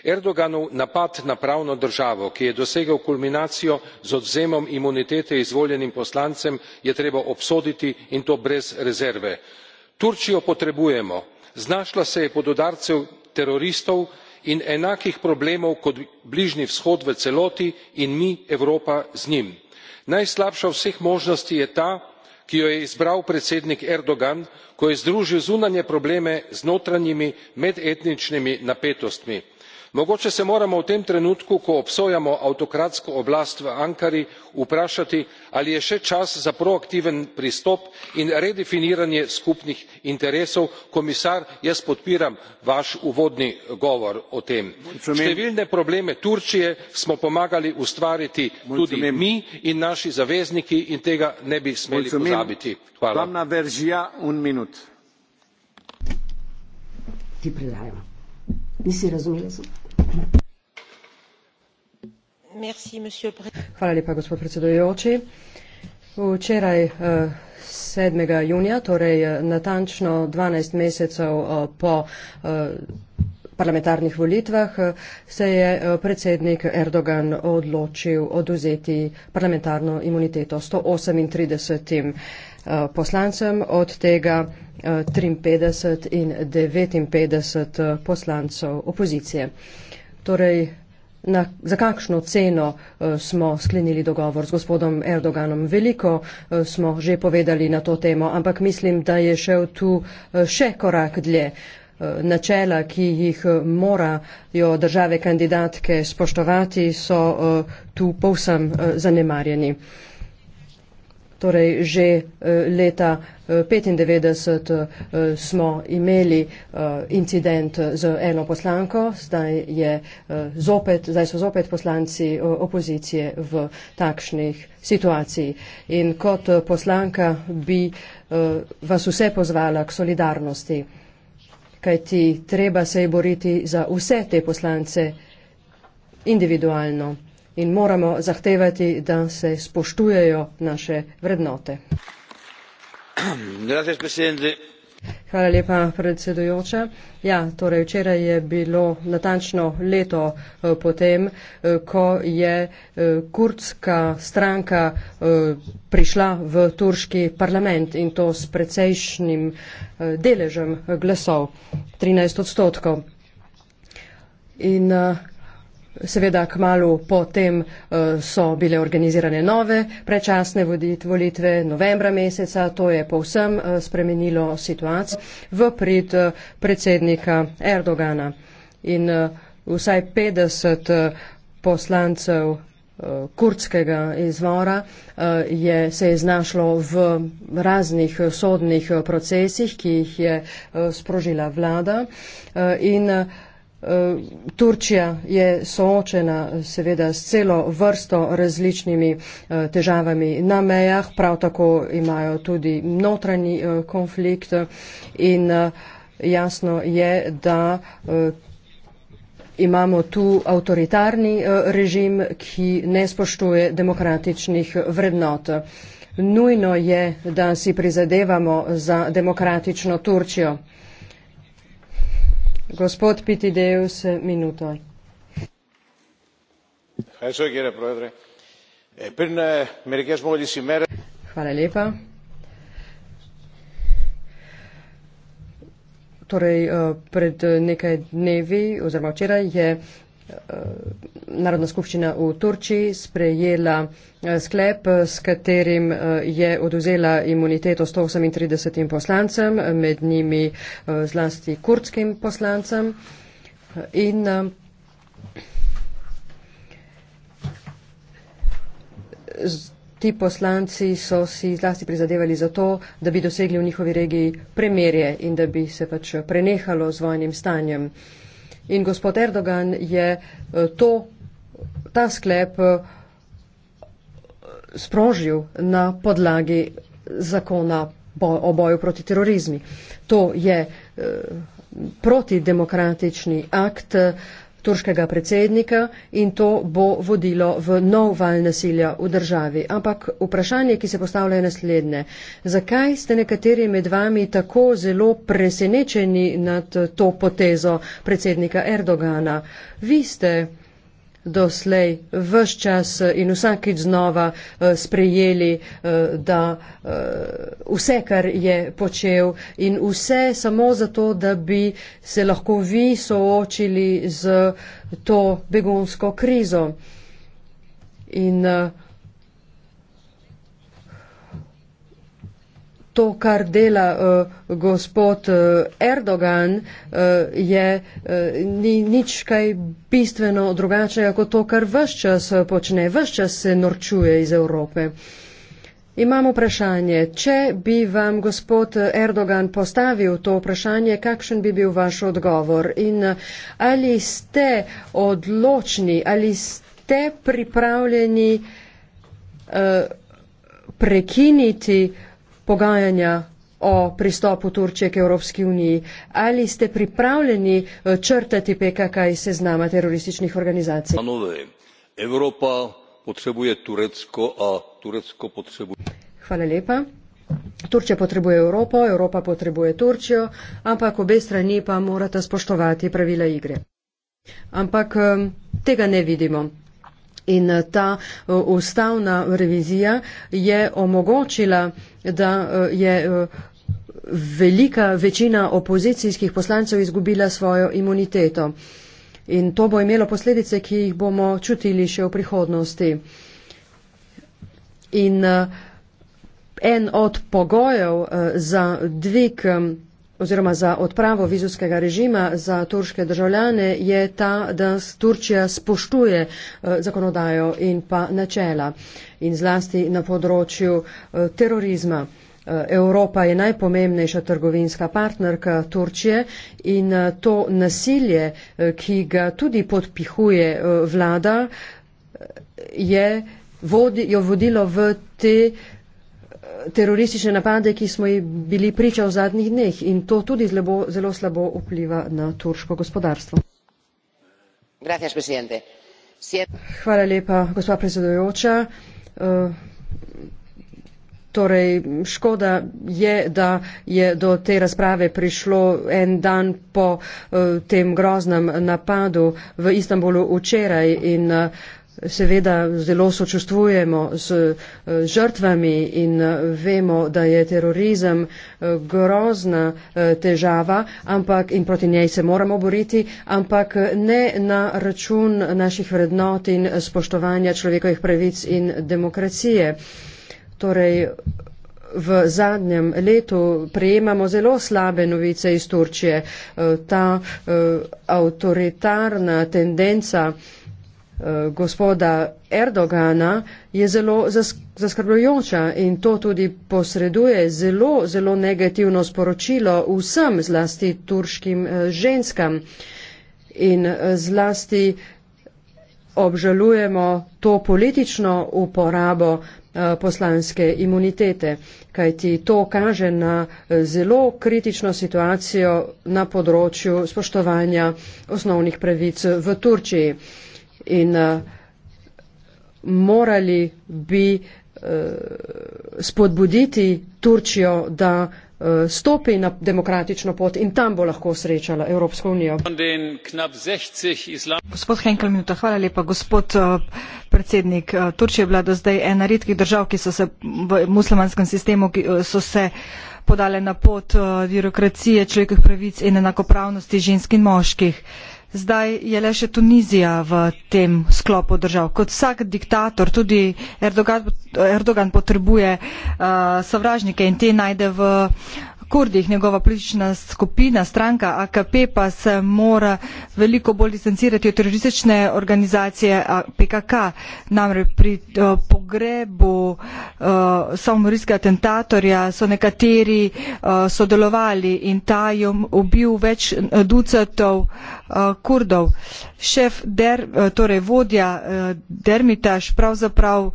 erdoganov napad na pravno državo ki je dosegel kulminacijo z odvzemom imunitete izvoljenim poslancem je treba obsoditi in to brez rezerve. turčijo potrebujemo znašla se je pod udarcem teroristov in enakih problemov kot bližnji vzhod v celoti in mi evropa z njim. najslabša od vseh možnosti je ta ki jo je izbral predsednik erdogan ko je združil zunanje probleme z notranjimi medetničnimi napetostmi mogoče se moramo v tem trenutku ko obsojamo avtokratsko oblast v ankari vprašati ali je še čas za proaktiven pristop in redefiniranje skupnih interesov komisar jaz podpiram vaš uvodni govor o tem. številne probleme turčije smo pomagali ustvariti tudi mi in naši zavezniki in tega ne bi smeli pozabiti gospod predsedujoči. Včeraj, 7. Eh, junija, torej eh, natančno dvanajst mesecev eh, po parlamentarnih volitvah, se je predsednik Erdogan odločil odvzeti parlamentarno imuniteto stoosemintridesetim poslancem, od tega triinpetdeset in devetinpetdeset poslancev opozicije torej na, za kakšno ceno uh, smo sklenili dogovor z gospodom Erdoganom. Veliko uh, smo že povedali na to temo, ampak mislim, da je šel tu uh, še korak dlje. Načela, ki jih morajo države kandidatke spoštovati, so tu povsem zanemarjeni torej že eh, leta 1995 eh, eh, smo imeli incident z eno poslanko, zdaj, je zopet, zdaj so zopet poslanci opozicije v takšnih situaciji. In kot poslanka bi vas vse pozvala k solidarnosti, kajti treba se je boriti za vse te poslance individualno in moramo zahtevati, da se spoštujejo naše vrednote. Hvala lepa, predsedujoča. Ja, torej včeraj je bilo natančno leto eh, potem, eh, ko je eh, kurdska stranka prišla v turški parlament in to s precejšnjim deležem glasov, 13 odstotkov. In Seveda, k malu potem eh, so bile organizirane nove predčasne volitve, novembra meseca, to je povsem eh, spremenilo situacijo v prid eh, predsednika Erdogana. In vsaj 50 poslancev kurdskega izvora je, se je znašlo v raznih sodnih procesih, ki jih je sprožila vlada. In, Eh, Turčija je soočena seveda s celo vrsto različnimi eh, težavami na mejah, prav tako imajo tudi notranji eh, konflikt in jasno je, da imamo tu avtoritarni režim, ki ne spoštuje demokratičnih vrednot. Nujno je, da si prizadevamo za demokratično Turčijo. Gospod Piti Deus, minuto. Hvala lepa. Torej, eh, pred eh, nekaj dnevi oziroma včeraj je Narodna skupščina v Turčiji sprejela eh, sklep, s katerim eh, je oduzela imuniteto 138 poslancem, med njimi eh, zlasti kurdskim poslancem. In ti poslanci so si zlasti prizadevali za to, da bi dosegli v njihovi regiji premirje in da bi se pač prenehalo z vojnim stanjem. In gospod Erdogan je eh, to, ta sklep eh, sprožil na podlagi zakona o boju proti terorizmi. To je eh, protidemokratični akt turškega predsednika in to bo vodilo v nov val nasilja v državi. Ampak vprašanje, ki se postavlja je naslednje. Zakaj ste nekateri med vami tako zelo presenečeni nad to potezo predsednika Erdogana? Vi ste doslej vse čas eh, in vsakeč znova eh, sprejeli, eh, da vse, kar je počel in vse samo zato, da bi se lahko vi soočili z to begonsko krizo. In uh, to, kar dela uh, gospod uh, Erdogan, uh, je uh, ni nič kaj bistveno drugačnega kot to, kar vse čas počne, vse čas se norčuje iz Evrope. Imamo vprašanje, če bi vam gospod Erdogan postavil to vprašanje, kakšen bi bil vaš odgovor in ali ste odločni, ali ste pripravljeni uh, prekiniti uh, pogajanja o pristopu Turčije k Evropski uniji. Ali ste pripravljeni eh, črtati PKK iz seznama terorističnih organizacij? Hvala lepa. Turčija potrebuje Evropo, Evropa potrebuje Turčijo, ampak obe strani pa morata spoštovati pravila igre. Ampak eh, tega ne vidimo. In eh, ta eh, ustavna revizija je omogočila, da eh, je velika večina opozicijskih poslancev izgubila svojo imuniteto. In to bo imelo posledice, ki jih bomo čutili še v prihodnosti. In en od pogojev za dvig oziroma za odpravo vizijskega režima za turške državljane je ta, da Turčija spoštuje eh, zakonodajo in pa načela in zlasti na področju eh, terorizma. Eh, Evropa je najpomembnejša trgovinska partnerka Turčije in to nasilje, ki ga tudi podpihuje vlada, je vodi, jo vodilo v te teroristične napade, ki smo jih bili priča v zadnjih dneh in to tudi zlebo, zelo slabo vpliva na turško gospodarstvo. Gracias, Hvala lepa, gospa predsedujoča. Eh, torej, škoda je, da je do te razprave prišlo en dan po eh, tem groznem napadu v Istanbulu včeraj in eh, seveda zelo sočustvujemo z eh, žrtvami in eh, vemo, da je terorizem eh, grozna težava ampak, in proti njej se moramo boriti, ampak ne na račun naših vrednot in spoštovanja človekovih pravic in demokracije. Torej, V zadnjem letu prejemamo zelo slabe novice iz Turčije. Ta uh, avtoritarna tendenca uh, Eh, gospoda Erdogana je zelo zaskrbljujoča in to tudi posreduje zelo, zelo negativno sporočilo vsem, zlasti turškim eh, ženskam. In eh, zlasti obžalujemo to politično uporabo poslanske imunitete, kajti to kaže na zelo kritično situacijo na področju spoštovanja osnovnih pravic v Turčiji in uh, morali bi uh, spodbuditi Turčijo, da uh, stopi na demokratično pot in tam bo lahko srečala Evropsko unijo. Gospod Henkel, minuta, hvala lepa. Gospod uh, predsednik, uh, Turčija je bila do zdaj ena redkih držav, ki so se v muslimanskem sistemu, ki uh, so se podale na pot uh, birokracije, človekovih pravic in enakopravnosti žensk in moških. Zdaj je le še Tunizija v tem sklopu držav. Kot vsak diktator, tudi Erdogan, Erdogan potrebuje uh, sovražnike in te najde v kurdih. Njegova politična skupina, stranka AKP pa se mora veliko bolj distancirati od teroristične organizacije PKK. Namreč pri uh, pogrebu uh, samomorilskega atentatorja so nekateri uh, sodelovali in ta je ubil več uh, ducatov. Uh, Eh, kurdov. Šef, der, eh, torej vodja eh, Dermitaš pravzaprav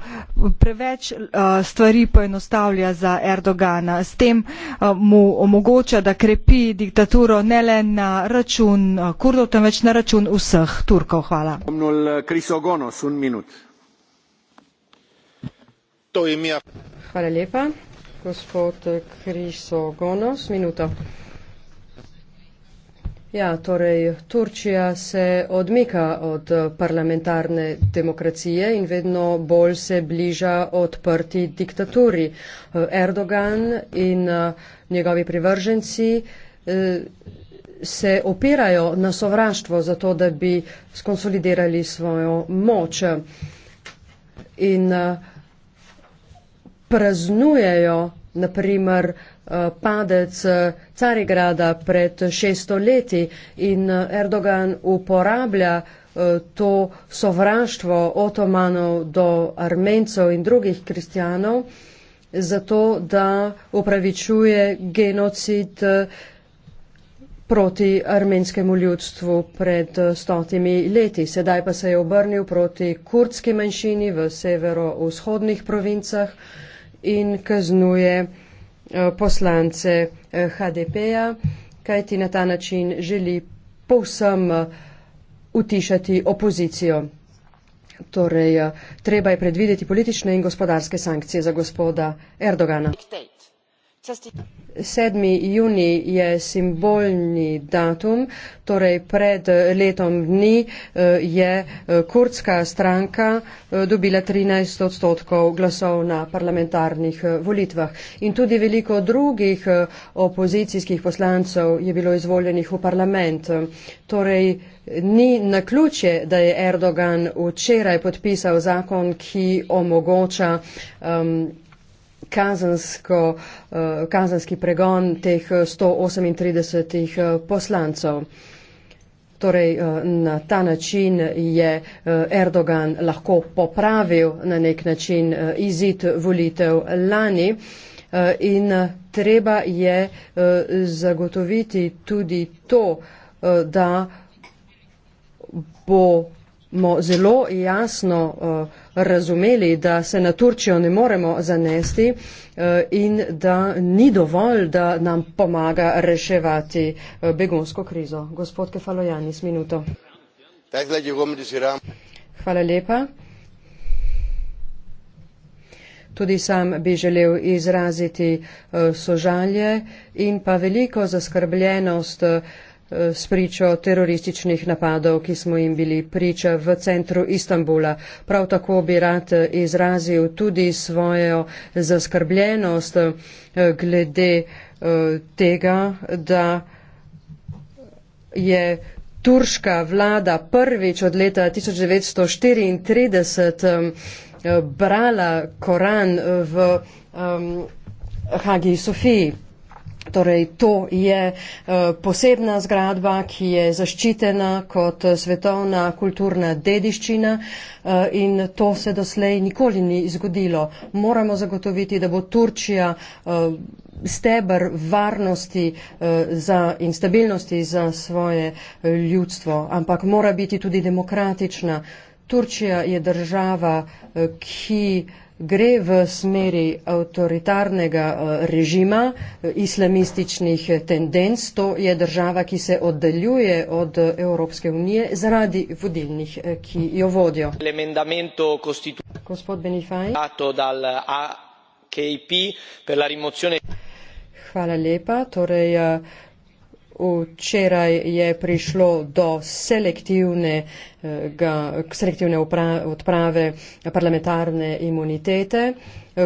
preveč stvari poenostavlja za Erdogana. S tem mu omogoča, da krepi diktaturo ne le na račun kurdov, temveč na račun vseh Turkov. Hvala. Hvala lepa. Gospod Kriso Gonos, minuto. Ja, torej Turčija se odmika od eh, parlamentarne demokracije in vedno bolj se bliža odprti diktaturi. Eh, Erdogan in eh, njegovi privrženci se opirajo na sovraštvo zato, da bi skonsolidirali svojo moč in praznujejo naprimer padec eh, Carigrada pred 600 leti in eh, Erdogan uporablja eh, to sovraštvo otomanov do armencov in drugih kristjanov, zato da upravičuje genocid proti armenskemu ljudstvu pred stotimi leti. Sedaj pa se je obrnil proti kurdski manjšini v severo-vzhodnih provincah in kaznuje Eh, poslance HDP-ja, eh, kajti na ta način želi povsem eh, utišati opozicijo. Torej, treba je predvideti politične in gospodarske sankcije za gospoda Erdogana. Diktaj. 7. juni je simbolni datum, torej pred letom dni eh, je eh, kurdska stranka eh, dobila 13 odstotkov glasov na parlamentarnih volitvah. In tudi veliko drugih opozicijskih poslancev je bilo izvoljenih v parlament. Torej ni na ključje, da je Erdogan včeraj podpisal zakon, ki omogoča. Um, kazensko, eh, kazenski pregon teh 138 eh, eh, poslancev. Torej, na ta način je Erdogan lahko popravil na nek način izid volitev lani in treba je zagotoviti tudi to, da bomo zelo jasno razumeli, da se na Turčijo ne moremo zanesti eh, in da ni dovolj, da nam pomaga reševati eh, begonsko krizo. Gospod Kefalojanis, minuto. Hvala lepa. Tudi sam bi želel izraziti eh, sožalje in pa veliko zaskrbljenost spričo terorističnih napadov, ki smo jim bili priča v centru Istanbula. Prav tako bi rad izrazil tudi svojo zaskrbljenost eh, glede eh, tega, da je turška vlada prvič od leta 1934 eh, brala Koran v Hagi Sofiji. Torej, to je eh, posebna zgradba, ki je zaščitena kot svetovna kulturna dediščina eh, in to se doslej nikoli ni zgodilo. Moramo zagotoviti, da bo Turčija eh, stebr varnosti za, in stabilnosti za svoje ljudstvo, ampak mora biti tudi demokratična. Turčija je država, ki gre v smeri avtoritarnega eh, režima, eh, islamističnih eh, tendenc. To je država, ki se oddaljuje od Evropske unije zaradi vodilnih, ki jo vodijo. Gospod Benifaj. Hvala lepa. Torej, včeraj je prišlo do selektivne ga selektivne odprave parlamentarne imunitete.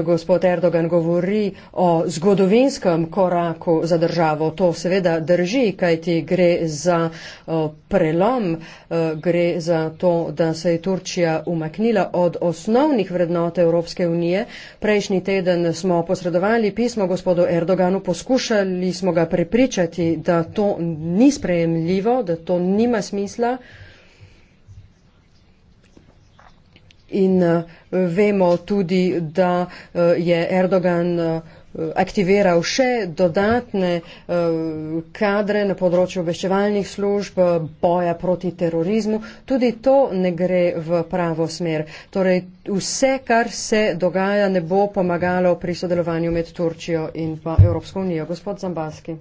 Gospod Erdogan govori o zgodovinskem koraku za državo. To seveda drži, kajti gre za prelom, gre za to, da se je Turčija umaknila od osnovnih vrednot Evropske unije. Prejšnji teden smo posredovali pismo gospodu Erdoganu, poskušali smo ga prepričati, da to ni sprejemljivo, da to nima smisla. in eh, vemo tudi, da eh, je Erdogan eh, aktiviral še dodatne kadre na področju obveščevalnih služb, boja proti terorizmu. Tudi to ne gre v pravo smer. Torej, vse, kar se dogaja, ne bo pomagalo pri sodelovanju med Turčijo in pa Evropsko unijo. Gospod Zambaski.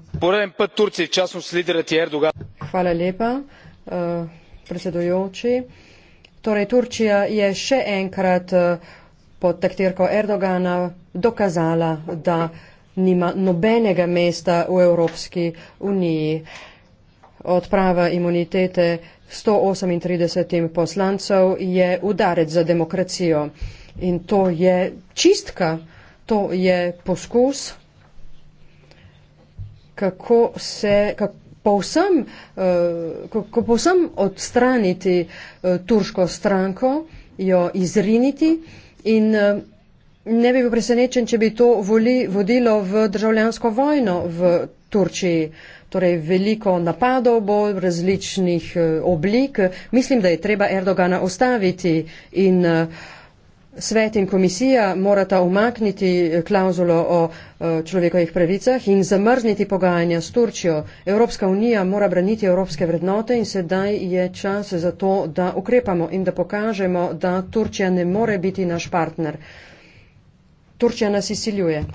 Hvala lepa, predsedujoči. Torej, Turčija je še enkrat eh, pod taktirko Erdogana dokazala, da nima nobenega mesta v Evropski uniji. Odprava imunitete 138 poslancev je udarec za demokracijo in to je čistka, to je poskus, kako se. Kako povsem, eh, ko, ko povsem odstraniti eh, turško stranko, jo izriniti in eh, ne bi bil presenečen, če bi to voli, vodilo v državljansko vojno v Turčiji. Torej veliko napadov bo različnih oblik. Mislim, da je treba Erdogana ustaviti in uh, Svet in komisija morata umakniti eh, klauzulo o eh, človekovih pravicah in zamrzniti pogajanja s Turčijo. Evropska unija mora braniti evropske vrednote in sedaj je čas za to, da ukrepamo in da pokažemo, da Turčija ne more biti naš partner. Turčija nas izsiljuje.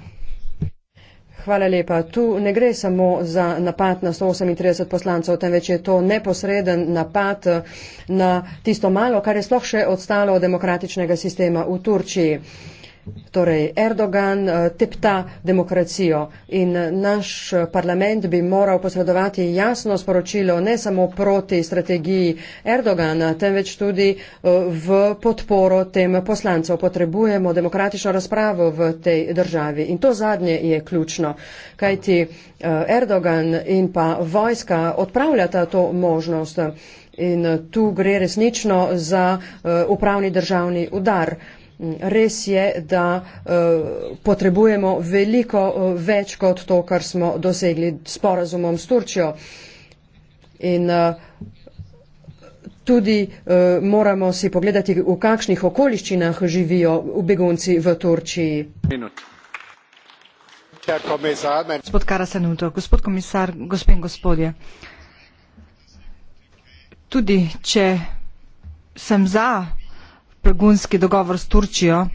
Hvala lepa. Tu ne gre samo za napad na 138 poslancev, temveč je to neposreden napad eh, na tisto malo, kar je sploh še odstalo od demokratičnega sistema v Turčiji. Torej, Erdogan eh, tepta demokracijo in eh, naš parlament bi moral posredovati jasno sporočilo ne samo proti strategiji Erdogana, temveč tudi eh, v podporo tem poslancev. Potrebujemo demokratično razpravo v tej državi in to zadnje je ključno, kajti Erdogan in pa vojska odpravljata to možnost in tu gre resnično za upravni državni udar. Res je, da eh, potrebujemo veliko eh, več kot to, kar smo dosegli s porazumom s Turčjo. In eh, tudi moramo si pogledati, v kakšnih okoliščinah živijo begunci v Turčiji. Minut. Gospod Karasenuto, gospod komisar, gospe in gospodje. Tudi če sem za begunski dogovor s Turčijo,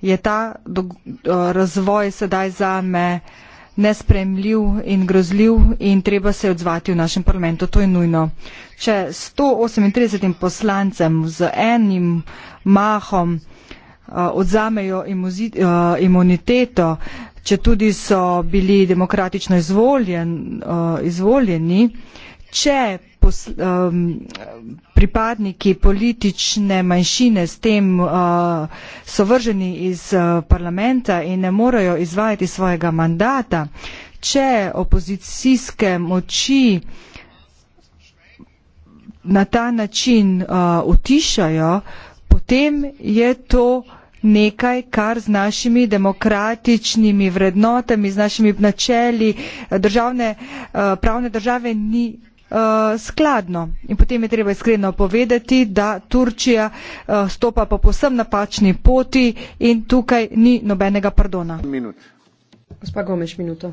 je ta eh, razvoj sedaj za me nespremljiv in grozljiv in treba se odzvati v našem parlamentu. To je nujno. Če 138 poslancem z enim mahom eh, odzamejo eh, imuniteto, če tudi so bili demokratično izvoljen, izvoljeni, če um, pripadniki politične manjšine s tem uh, sovrženi iz uh, parlamenta in ne morejo izvajati svojega mandata, če opozicijske moči na ta način uh, utišajo, potem je to nekaj, kar z našimi demokratičnimi vrednotami, z našimi načeli državne, uh, pravne države ni Eh, skladno in potem je treba iskreno povedati da turčija uh, stopa po povsem napačni poti in tukaj ni nobenega pardona Minut. gospa gomeš minuto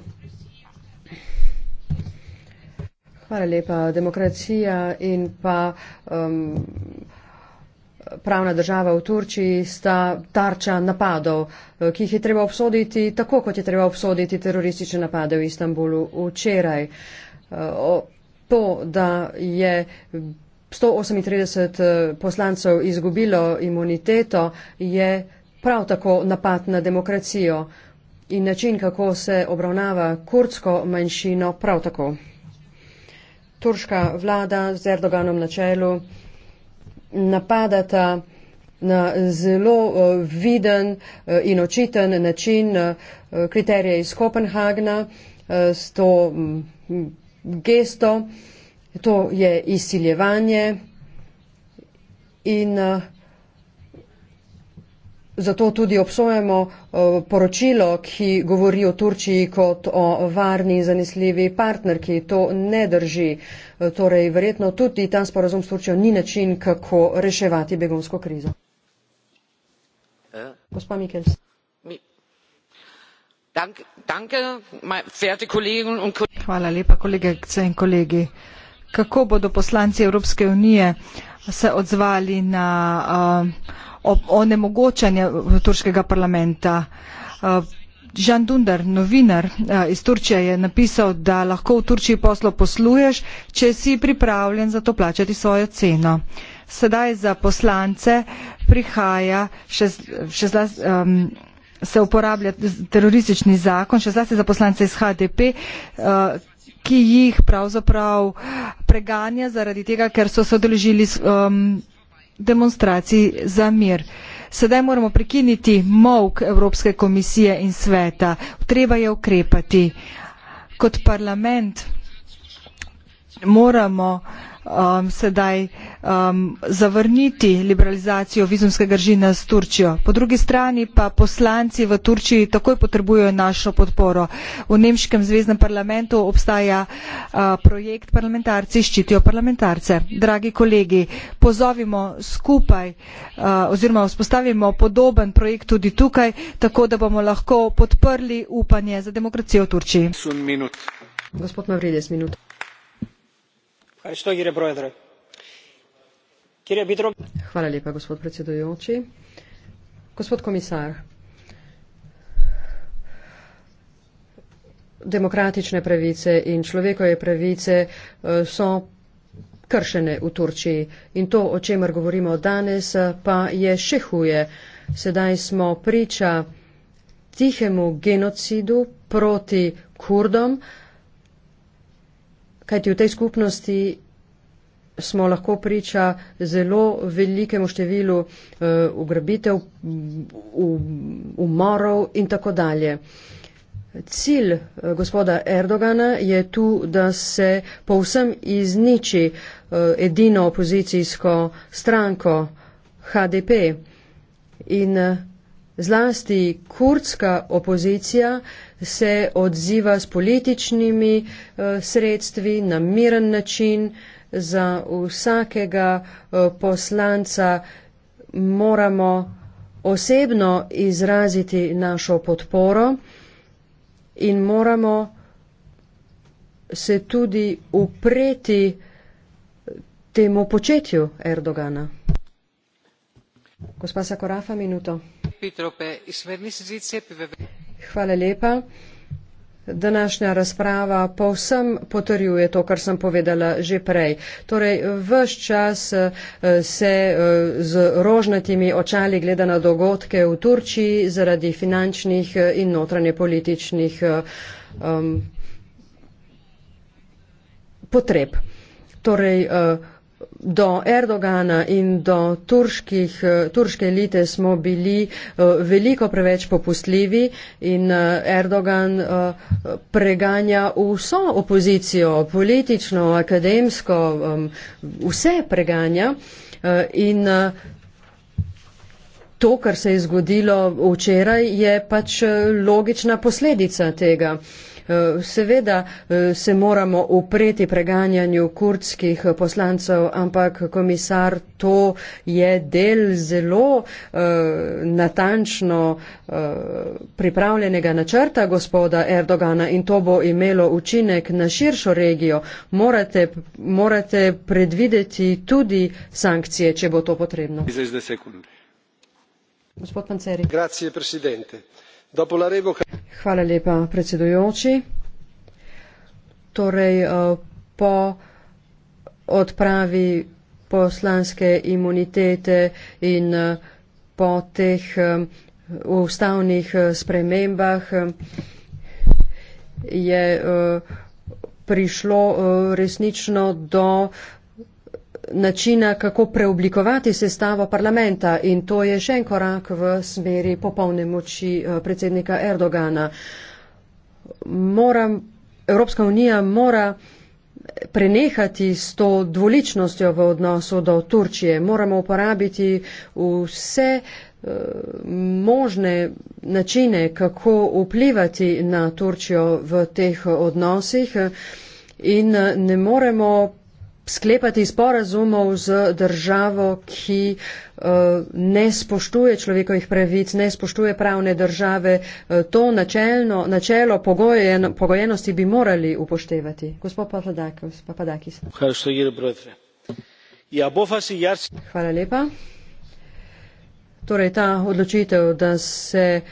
hvala lepa demokracija in pa um, Pravna država v Turčiji sta tarča napadov, eh, ki jih je treba obsoditi tako, kot je treba obsoditi teroristične napade v Istanbulu včeraj to, da je 138 eh, poslancev izgubilo imuniteto, je prav tako napad na demokracijo in način, kako se obravnava kurdsko manjšino, prav tako. Turška vlada z Erdoganom na čelu napadata na zelo eh, viden eh, in očiten način kriterije iz Kopenhagna s to mm, gesto, to je izsiljevanje in eh, zato tudi obsojamo eh, poročilo, ki govori o Turčiji kot o varni in zanesljivi partnerki. To ne drži. Eh, torej, verjetno tudi ta sporazum s Turčijo ni način, kako reševati begonsko krizo. Gospa Mikels kako bodo poslanci evropske unije se odzvali na uh, onemogočanje turškega parlamenta? jan uh, dndar novinar uh, iz turčije je napisal da lahko v turčiji poslov posluješ če si pripravljen za to plačati svojo ceno. sedaj za poslance prihaja še zlasti um, se uporablja teroristični zakon, še zlasti za poslance iz HDP, eh, ki jih pravzaprav preganja zaradi tega, ker so se odložili demonstraciji za mir. Sedaj moramo prekiniti mok Evropske komisije in sveta. Treba je ukrepati. Kot parlament moramo um, sedaj um, zavrniti liberalizacijo vizumskega režima s Turčijo. Po drugi strani pa poslanci v Turčiji takoj potrebujejo našo podporo. V nemškem zvezdnem parlamentu obstaja uh, projekt parlamentarci ščitijo parlamentarce. Dragi kolegi, pozovimo skupaj uh, oziroma vzpostavimo podoben projekt tudi tukaj, tako da bomo lahko podprli upanje za demokracijo v Turčiji. Gospod Mavrides, minuta. Hvala lepa, gospod predsedujoči. Gospod komisar, demokratične pravice in človekove pravice eh, so kršene v Turčiji in to, o čemer govorimo danes, pa je še huje. Sedaj smo priča tihemu genocidu proti kurdom, kajti v tej skupnosti smo lahko priča zelo velikemu številu eh, ugrabitev, uh, umorov in tako dalje. Cilj eh, gospoda Erdogana je tu, da se povsem izniči uh, edino opozicijsko stranko HDP in uh, zlasti kurdska opozicija, se odziva s političnimi eh, sredstvi na miren način. Za vsakega eh, poslanca moramo osebno izraziti našo podporo in moramo se tudi upreti temu početju Erdogana. Gospa Sakorafa, minuto. Hvala lepa. Današnja razprava povsem potrjuje to, kar sem povedala že prej. Torej, vš čas eh, se eh, z rožnatimi očali gleda na dogodke v Turčiji zaradi finančnih eh, in notranje političnih um, potreb. Torej, uh, Do Erdogana in do turških, eh, turške elite smo bili eh, veliko preveč popustljivi in eh, Erdogan preganja vso opozicijo, politično, akademsko, vse preganja in to, kar se je zgodilo včeraj, je pač logična posledica tega. Eh, seveda eh, se moramo upreti preganjanju kurdskih poslancev, ampak komisar to je del zelo eh, natančno pripravljenega načrta gospoda Erdogana in to bo imelo učinek na širšo regijo. Morate, morate predvideti tudi sankcije, če bo to potrebno. Gospod Panceri. Hvala lepa, predsedujoči. Torej, eh, po odpravi poslanske imunitete in eh, po teh eh, ustavnih spremembah je prišlo resnično do načina, kako preoblikovati sestavo parlamenta in to je še en korak v smeri popolne moči eh, predsednika Erdogana. Moram, Evropska unija mora prenehati s to dvoličnostjo v odnosu do Turčije. Moramo uporabiti vse eh, možne načine, kako vplivati na Turčijo v teh odnosih in eh, ne moremo sklepati sporazumov z državo, ki eh, ne spoštuje človekovih pravic, ne spoštuje pravne države. Eh, to načelno, načelo pogojen, pogojenosti bi morali upoštevati. Gospod Papadakis. Papadakis. Hvala lepa. Torej ta odločitev, da se uh,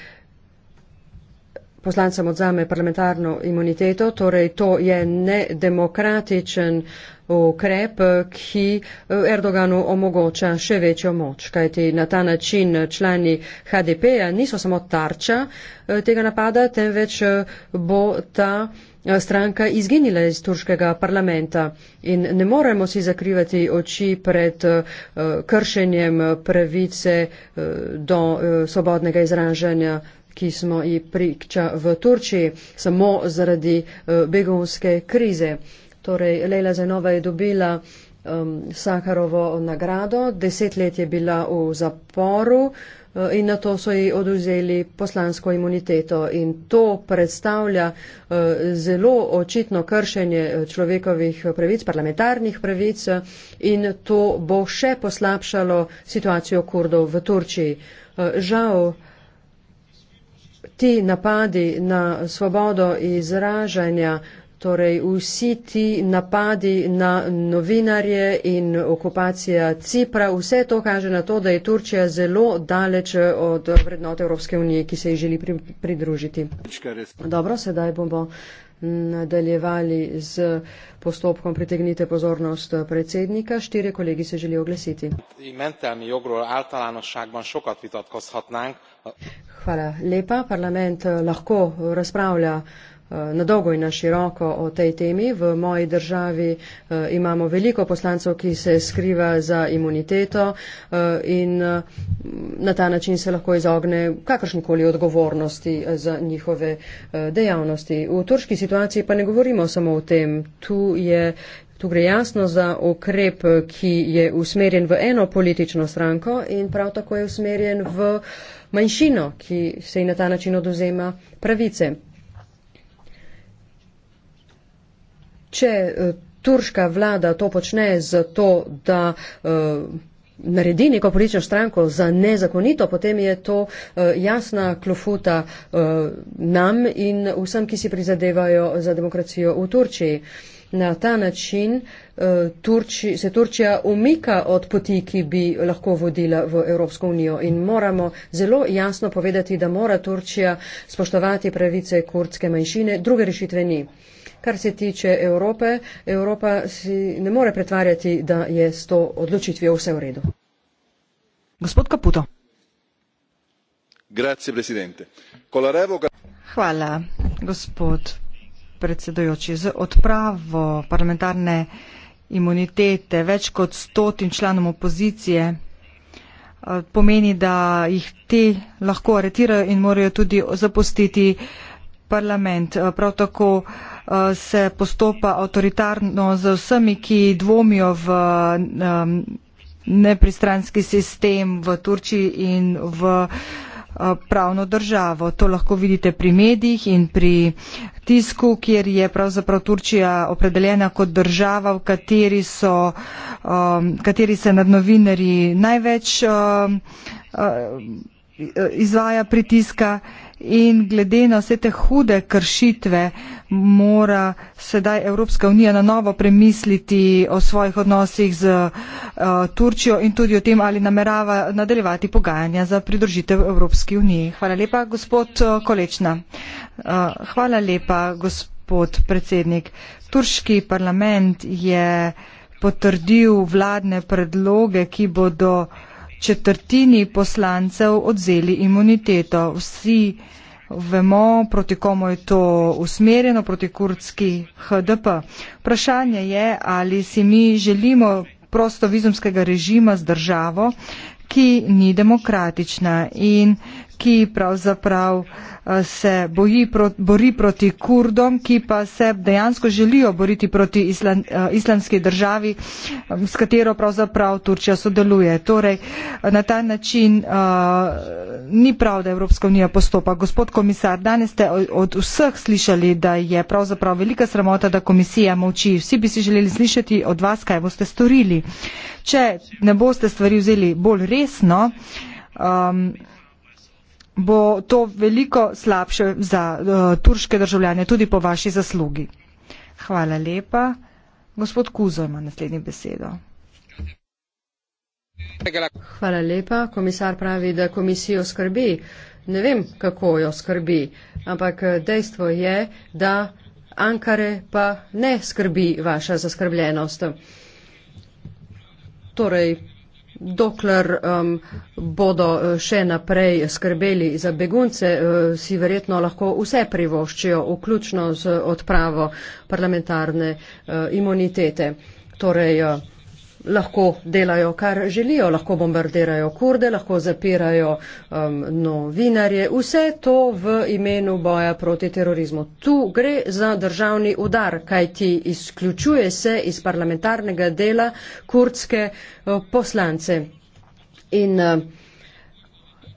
poslancem odzame parlamentarno imuniteto, torej to je nedemokratičen ukrep, ki Erdoganu omogoča še večjo moč, kajti na ta način člani HDP-ja niso samo tarča eh, tega napada, temveč eh, bo ta eh, stranka izginila iz turškega parlamenta in ne moremo si zakrivati oči pred kršenjem pravice do svobodnega izražanja ki smo ji prikča v Turčiji, samo zaradi eh, begonske krize. Torej, Leila Zenova je dobila um, Sakarovo nagrado, deset let je bila v zaporu eh, in na to so ji oduzeli poslansko imuniteto. In to predstavlja eh, zelo očitno kršenje človekovih pravic, parlamentarnih pravic in to bo še poslabšalo situacijo kurdov v Turčiji. Žal, ti napadi na svobodo izražanja, torej vsi ti napadi na novinarje in okupacija Cipra, vse to kaže na to, da je Turčija zelo daleč eh, od vrednot Evropske unije, ki se ji želi pri, pridružiti. Dobro, sedaj bomo nadaljevali z postopkom. Pritegnite pozornost eh, predsednika. Štiri kolegi se želijo oglesiti. Hvala lepa. Parlament eh, lahko razpravlja eh, na dolgo in na široko o tej temi. V moji državi eh, imamo veliko poslancev, ki se skriva za imuniteto in na ta način se lahko izogne kakršnikoli odgovornosti za njihove dejavnosti. V turški situaciji pa ne govorimo samo o tem. Tu je. Tu gre jasno za okrep, ki je usmerjen v eno politično stranko in prav tako je usmerjen v uh, manjšino, ki se ji na ta način oduzema pravice. Če eh, turška vlada to počne zato, da uh, naredi neko politično stranko za nezakonito, potem je to uh, jasna klofuta uh, nam in vsem, ki si prizadevajo za demokracijo v Turčiji. Uh, Na ta način eh, Turči, se Turčija umika od poti, ki bi lahko vodila v Evropsko unijo in moramo zelo jasno povedati, da mora Turčija spoštovati pravice kurdske manjšine, druge rešitve ni. Kar se tiče Evrope, Evropa si ne more pretvarjati, da je s to odločitvijo vse v redu. Gospod Kaputo. Hvala, gospod predsedojoči. Z odpravo parlamentarne imunitete več kot stotim članom opozicije eh, pomeni, da jih ti lahko aretirajo in morajo tudi zapustiti parlament. Eh, prav tako eh, se postopa avtoritarno z vsemi, ki dvomijo v nepristranski sistem v Turčiji in v Eh, pravno državo. To lahko vidite pri medijih in pri tisku, kjer je pravzaprav Turčija opredeljena kot država, v kateri, so, um, kateri se nad novinarji največ uh, uh, izvaja pritiska in glede na vse te hude kršitve uh, mora sedaj Evropska unija na novo premisliti o svojih odnosih z eh, Turčijo in tudi o tem, ali namerava nadaljevati pogajanja za pridružitev Evropski uniji. Hvala lepa, gospod eh, Kolečna. Eh, hvala lepa, gospod predsednik. Turški parlament je potrdil vladne predloge, ki bodo četrtini poslancev odzeli imuniteto. Vsi vemo, proti komu je to usmerjeno, proti kurdski HDP. Vprašanje je, ali si mi želimo prosto vizumskega režima z državo, ki ni demokratična in uh, ki pravzaprav eh, se boji, bori proti Kurdom, ki pa se dejansko želijo boriti proti eh, islamski državi, eh, s katero pravzaprav Turčija sodeluje. Torej, na ta način ni prav, da Evropska unija postopa. Gospod komisar, danes ste od vseh slišali, da je pravzaprav velika sramota, da komisija moči. Vsi bi si želeli slišati od vas, kaj boste storili. Če ne boste stvari vzeli bolj resno, um, bo to veliko slabše za uh, turške državljane, tudi po vaši zaslugi. Hvala lepa. Gospod Kuzo ima naslednji besedo. Hvala lepa. Komisar pravi, da komisijo skrbi. Ne vem, kako jo skrbi, ampak eh, dejstvo je, da Ankare pa ne skrbi vaša zaskrbljenost. Torej, dokler um, bodo eh, še naprej skrbeli za begunce, uh, si verjetno lahko vse privoščijo, vključno z odpravo parlamentarne uh, imunitete. Torej, uh, lahko delajo, kar želijo, lahko bombardirajo kurde, lahko zapirajo um, novinarje. Vse to v imenu boja proti terorizmu. Tu gre za državni udar, kaj ti izključuje se iz parlamentarnega dela kurdske uh, poslance. In uh,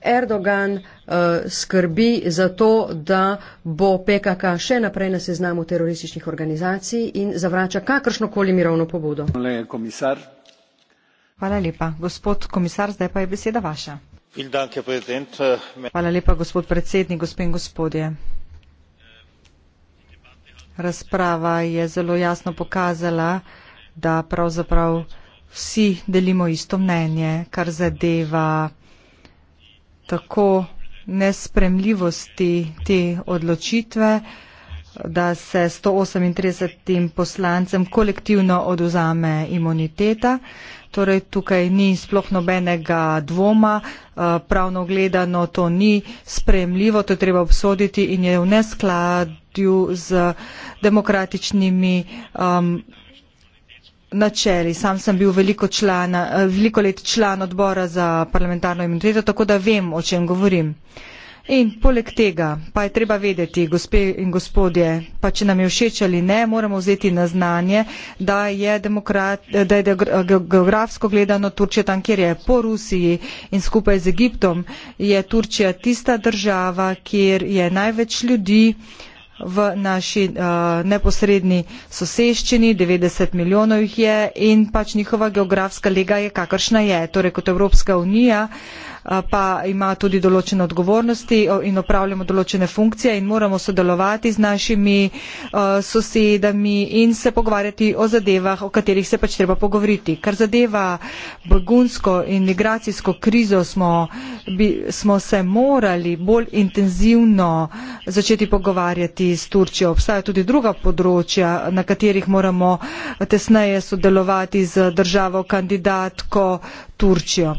Erdogan uh, skrbi za to, da bo PKK še naprej na seznamu terorističnih organizacij in zavrača kakršnokoli mirovno pobudo. Le, komisar. Hvala lepa. Gospod komisar, zdaj pa je beseda vaša. Hvala lepa, gospod predsednik, gospe in gospodje. Razprava je zelo jasno pokazala, da pravzaprav vsi delimo isto mnenje, kar zadeva tako nespremljivosti te odločitve, da se 138 poslancem kolektivno oduzame imuniteta. Torej, tukaj ni sploh nobenega dvoma, eh, pravno gledano to ni spremljivo, to je treba obsoditi in je v neskladju z demokratičnimi um, načeli. Sam sem bil veliko, člana, eh, veliko let član odbora za parlamentarno imuniteto, tako da vem, o čem govorim. Uh, In poleg tega pa je treba vedeti, gospe in gospodje, pa če nam je všeč ali ne, moramo vzeti na znanje, da je, demokrat, da je geografsko gledano Turčija tam, kjer je po Rusiji in skupaj z Egiptom, je Turčija tista država, kjer je največ ljudi v naši uh, neposredni soseščini, 90 milijonov jih je in pač njihova geografska lega je kakršna je. Torej kot Evropska unija uh, Eh, pa ima tudi določene odgovornosti in opravljamo določene funkcije in moramo sodelovati z našimi eh, sosedami in se pogovarjati o zadevah, o katerih se pač treba pogovoriti. Kar zadeva begunsko in migracijsko krizo, smo, bi, smo se morali bolj intenzivno začeti pogovarjati s Turčijo. Obstaja tudi druga področja, na katerih moramo tesneje sodelovati z državo kandidatko Turčijo.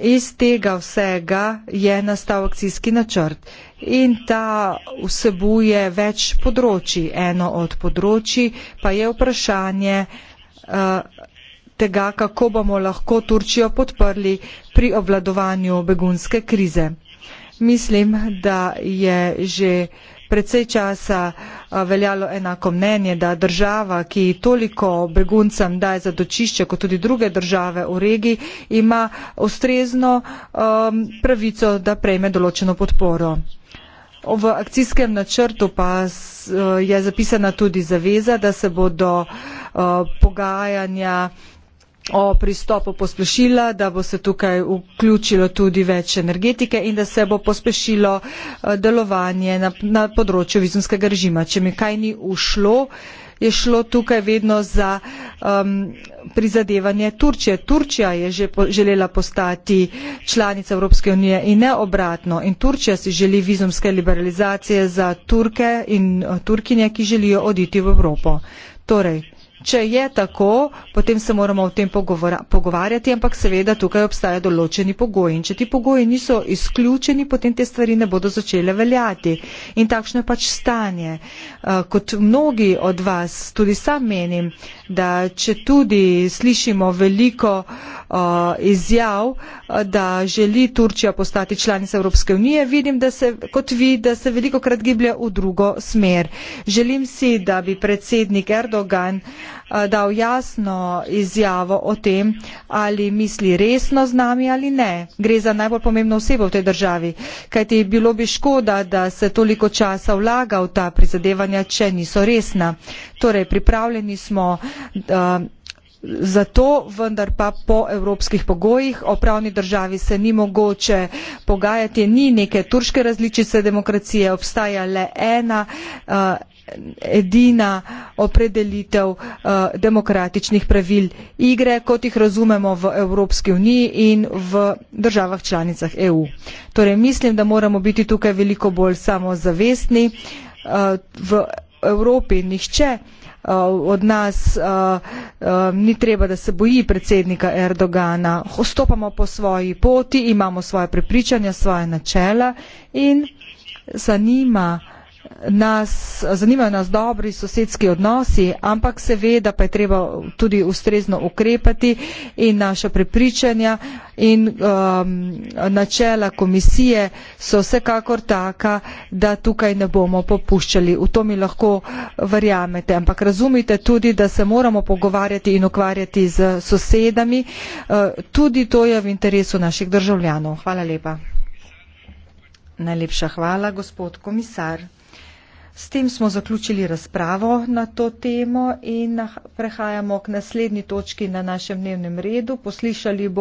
Iz tega vsega je nastal akcijski načrt in ta vsebuje več področji. Eno od področji pa je vprašanje eh, tega, kako bomo lahko Turčijo podprli pri obvladovanju begunske krize. Mislim, da je že precej časa veljalo enako mnenje da država ki toliko beguncem daje zatočišče kot tudi druge države v regiji ima ustrezno um, pravico da prejme določeno podporo. V akcijskem načrtu pa je zapisana tudi zaveza, da se bodo uh, pogajanja uh, o pristopu pospešila, da bo se tukaj vključilo tudi več energetike in da se bo pospešilo eh, delovanje na, na področju vizumskega režima. Če mi kaj ni ušlo, je šlo tukaj vedno za um, prizadevanje Turčije. Turčija je že po, želela postati članica Evropske unije in ne obratno. In Turčija si želi vizumske liberalizacije za Turke in eh, Turkinje, ki želijo oditi v Evropo. Torej, Če je tako, potem se moramo o tem pogovora, pogovarjati, ampak seveda tukaj obstajajo določeni pogoji. In če ti pogoji niso izključeni, potem te stvari ne bodo začele veljati. In takšno je pač stanje. Eh, kot mnogi od vas, tudi sam menim, da če tudi slišimo veliko eh, izjav, eh, da želi Turčija postati članica Evropske unije, vidim, da se, kot vi, da se veliko krat giblje v drugo smer. Želim si, da bi predsednik Erdogan Eh, dal jasno izjavo o tem, ali misli resno z nami ali ne. Gre za najbolj pomembno osebo v tej državi, kajti bilo bi škoda, da se toliko časa vlaga v ta prizadevanja, če niso resna. Torej, pripravljeni smo. Da, eh, Zato vendar pa po evropskih pogojih o pravni državi se ni mogoče pogajati, ni neke turške različice demokracije, obstaja le ena. Uh, edina opredelitev uh, demokratičnih pravil igre, kot jih razumemo v Evropski uniji in v državah članicah EU. Torej, mislim, da moramo biti tukaj veliko bolj samozavestni. Uh, v Evropi nihče uh, od nas uh, uh, ni treba, da se boji predsednika Erdogana. Ostopamo po svoji poti, imamo svoje prepričanja, svoje načela in zanima, nas, zanimajo nas dobri sosedski odnosi, ampak seveda pa je treba tudi ustrezno ukrepati in naša prepričanja in um, načela komisije so vsekakor taka, da tukaj ne bomo popuščali. V to mi lahko verjamete, ampak razumite tudi, da se moramo pogovarjati in ukvarjati z sosedami. Uh, tudi to je v interesu naših državljanov. Hvala lepa. Najlepša hvala, gospod komisar. S tem smo zaključili razpravo na to temo in prehajamo k naslednji točki na našem dnevnem redu. Poslišali bo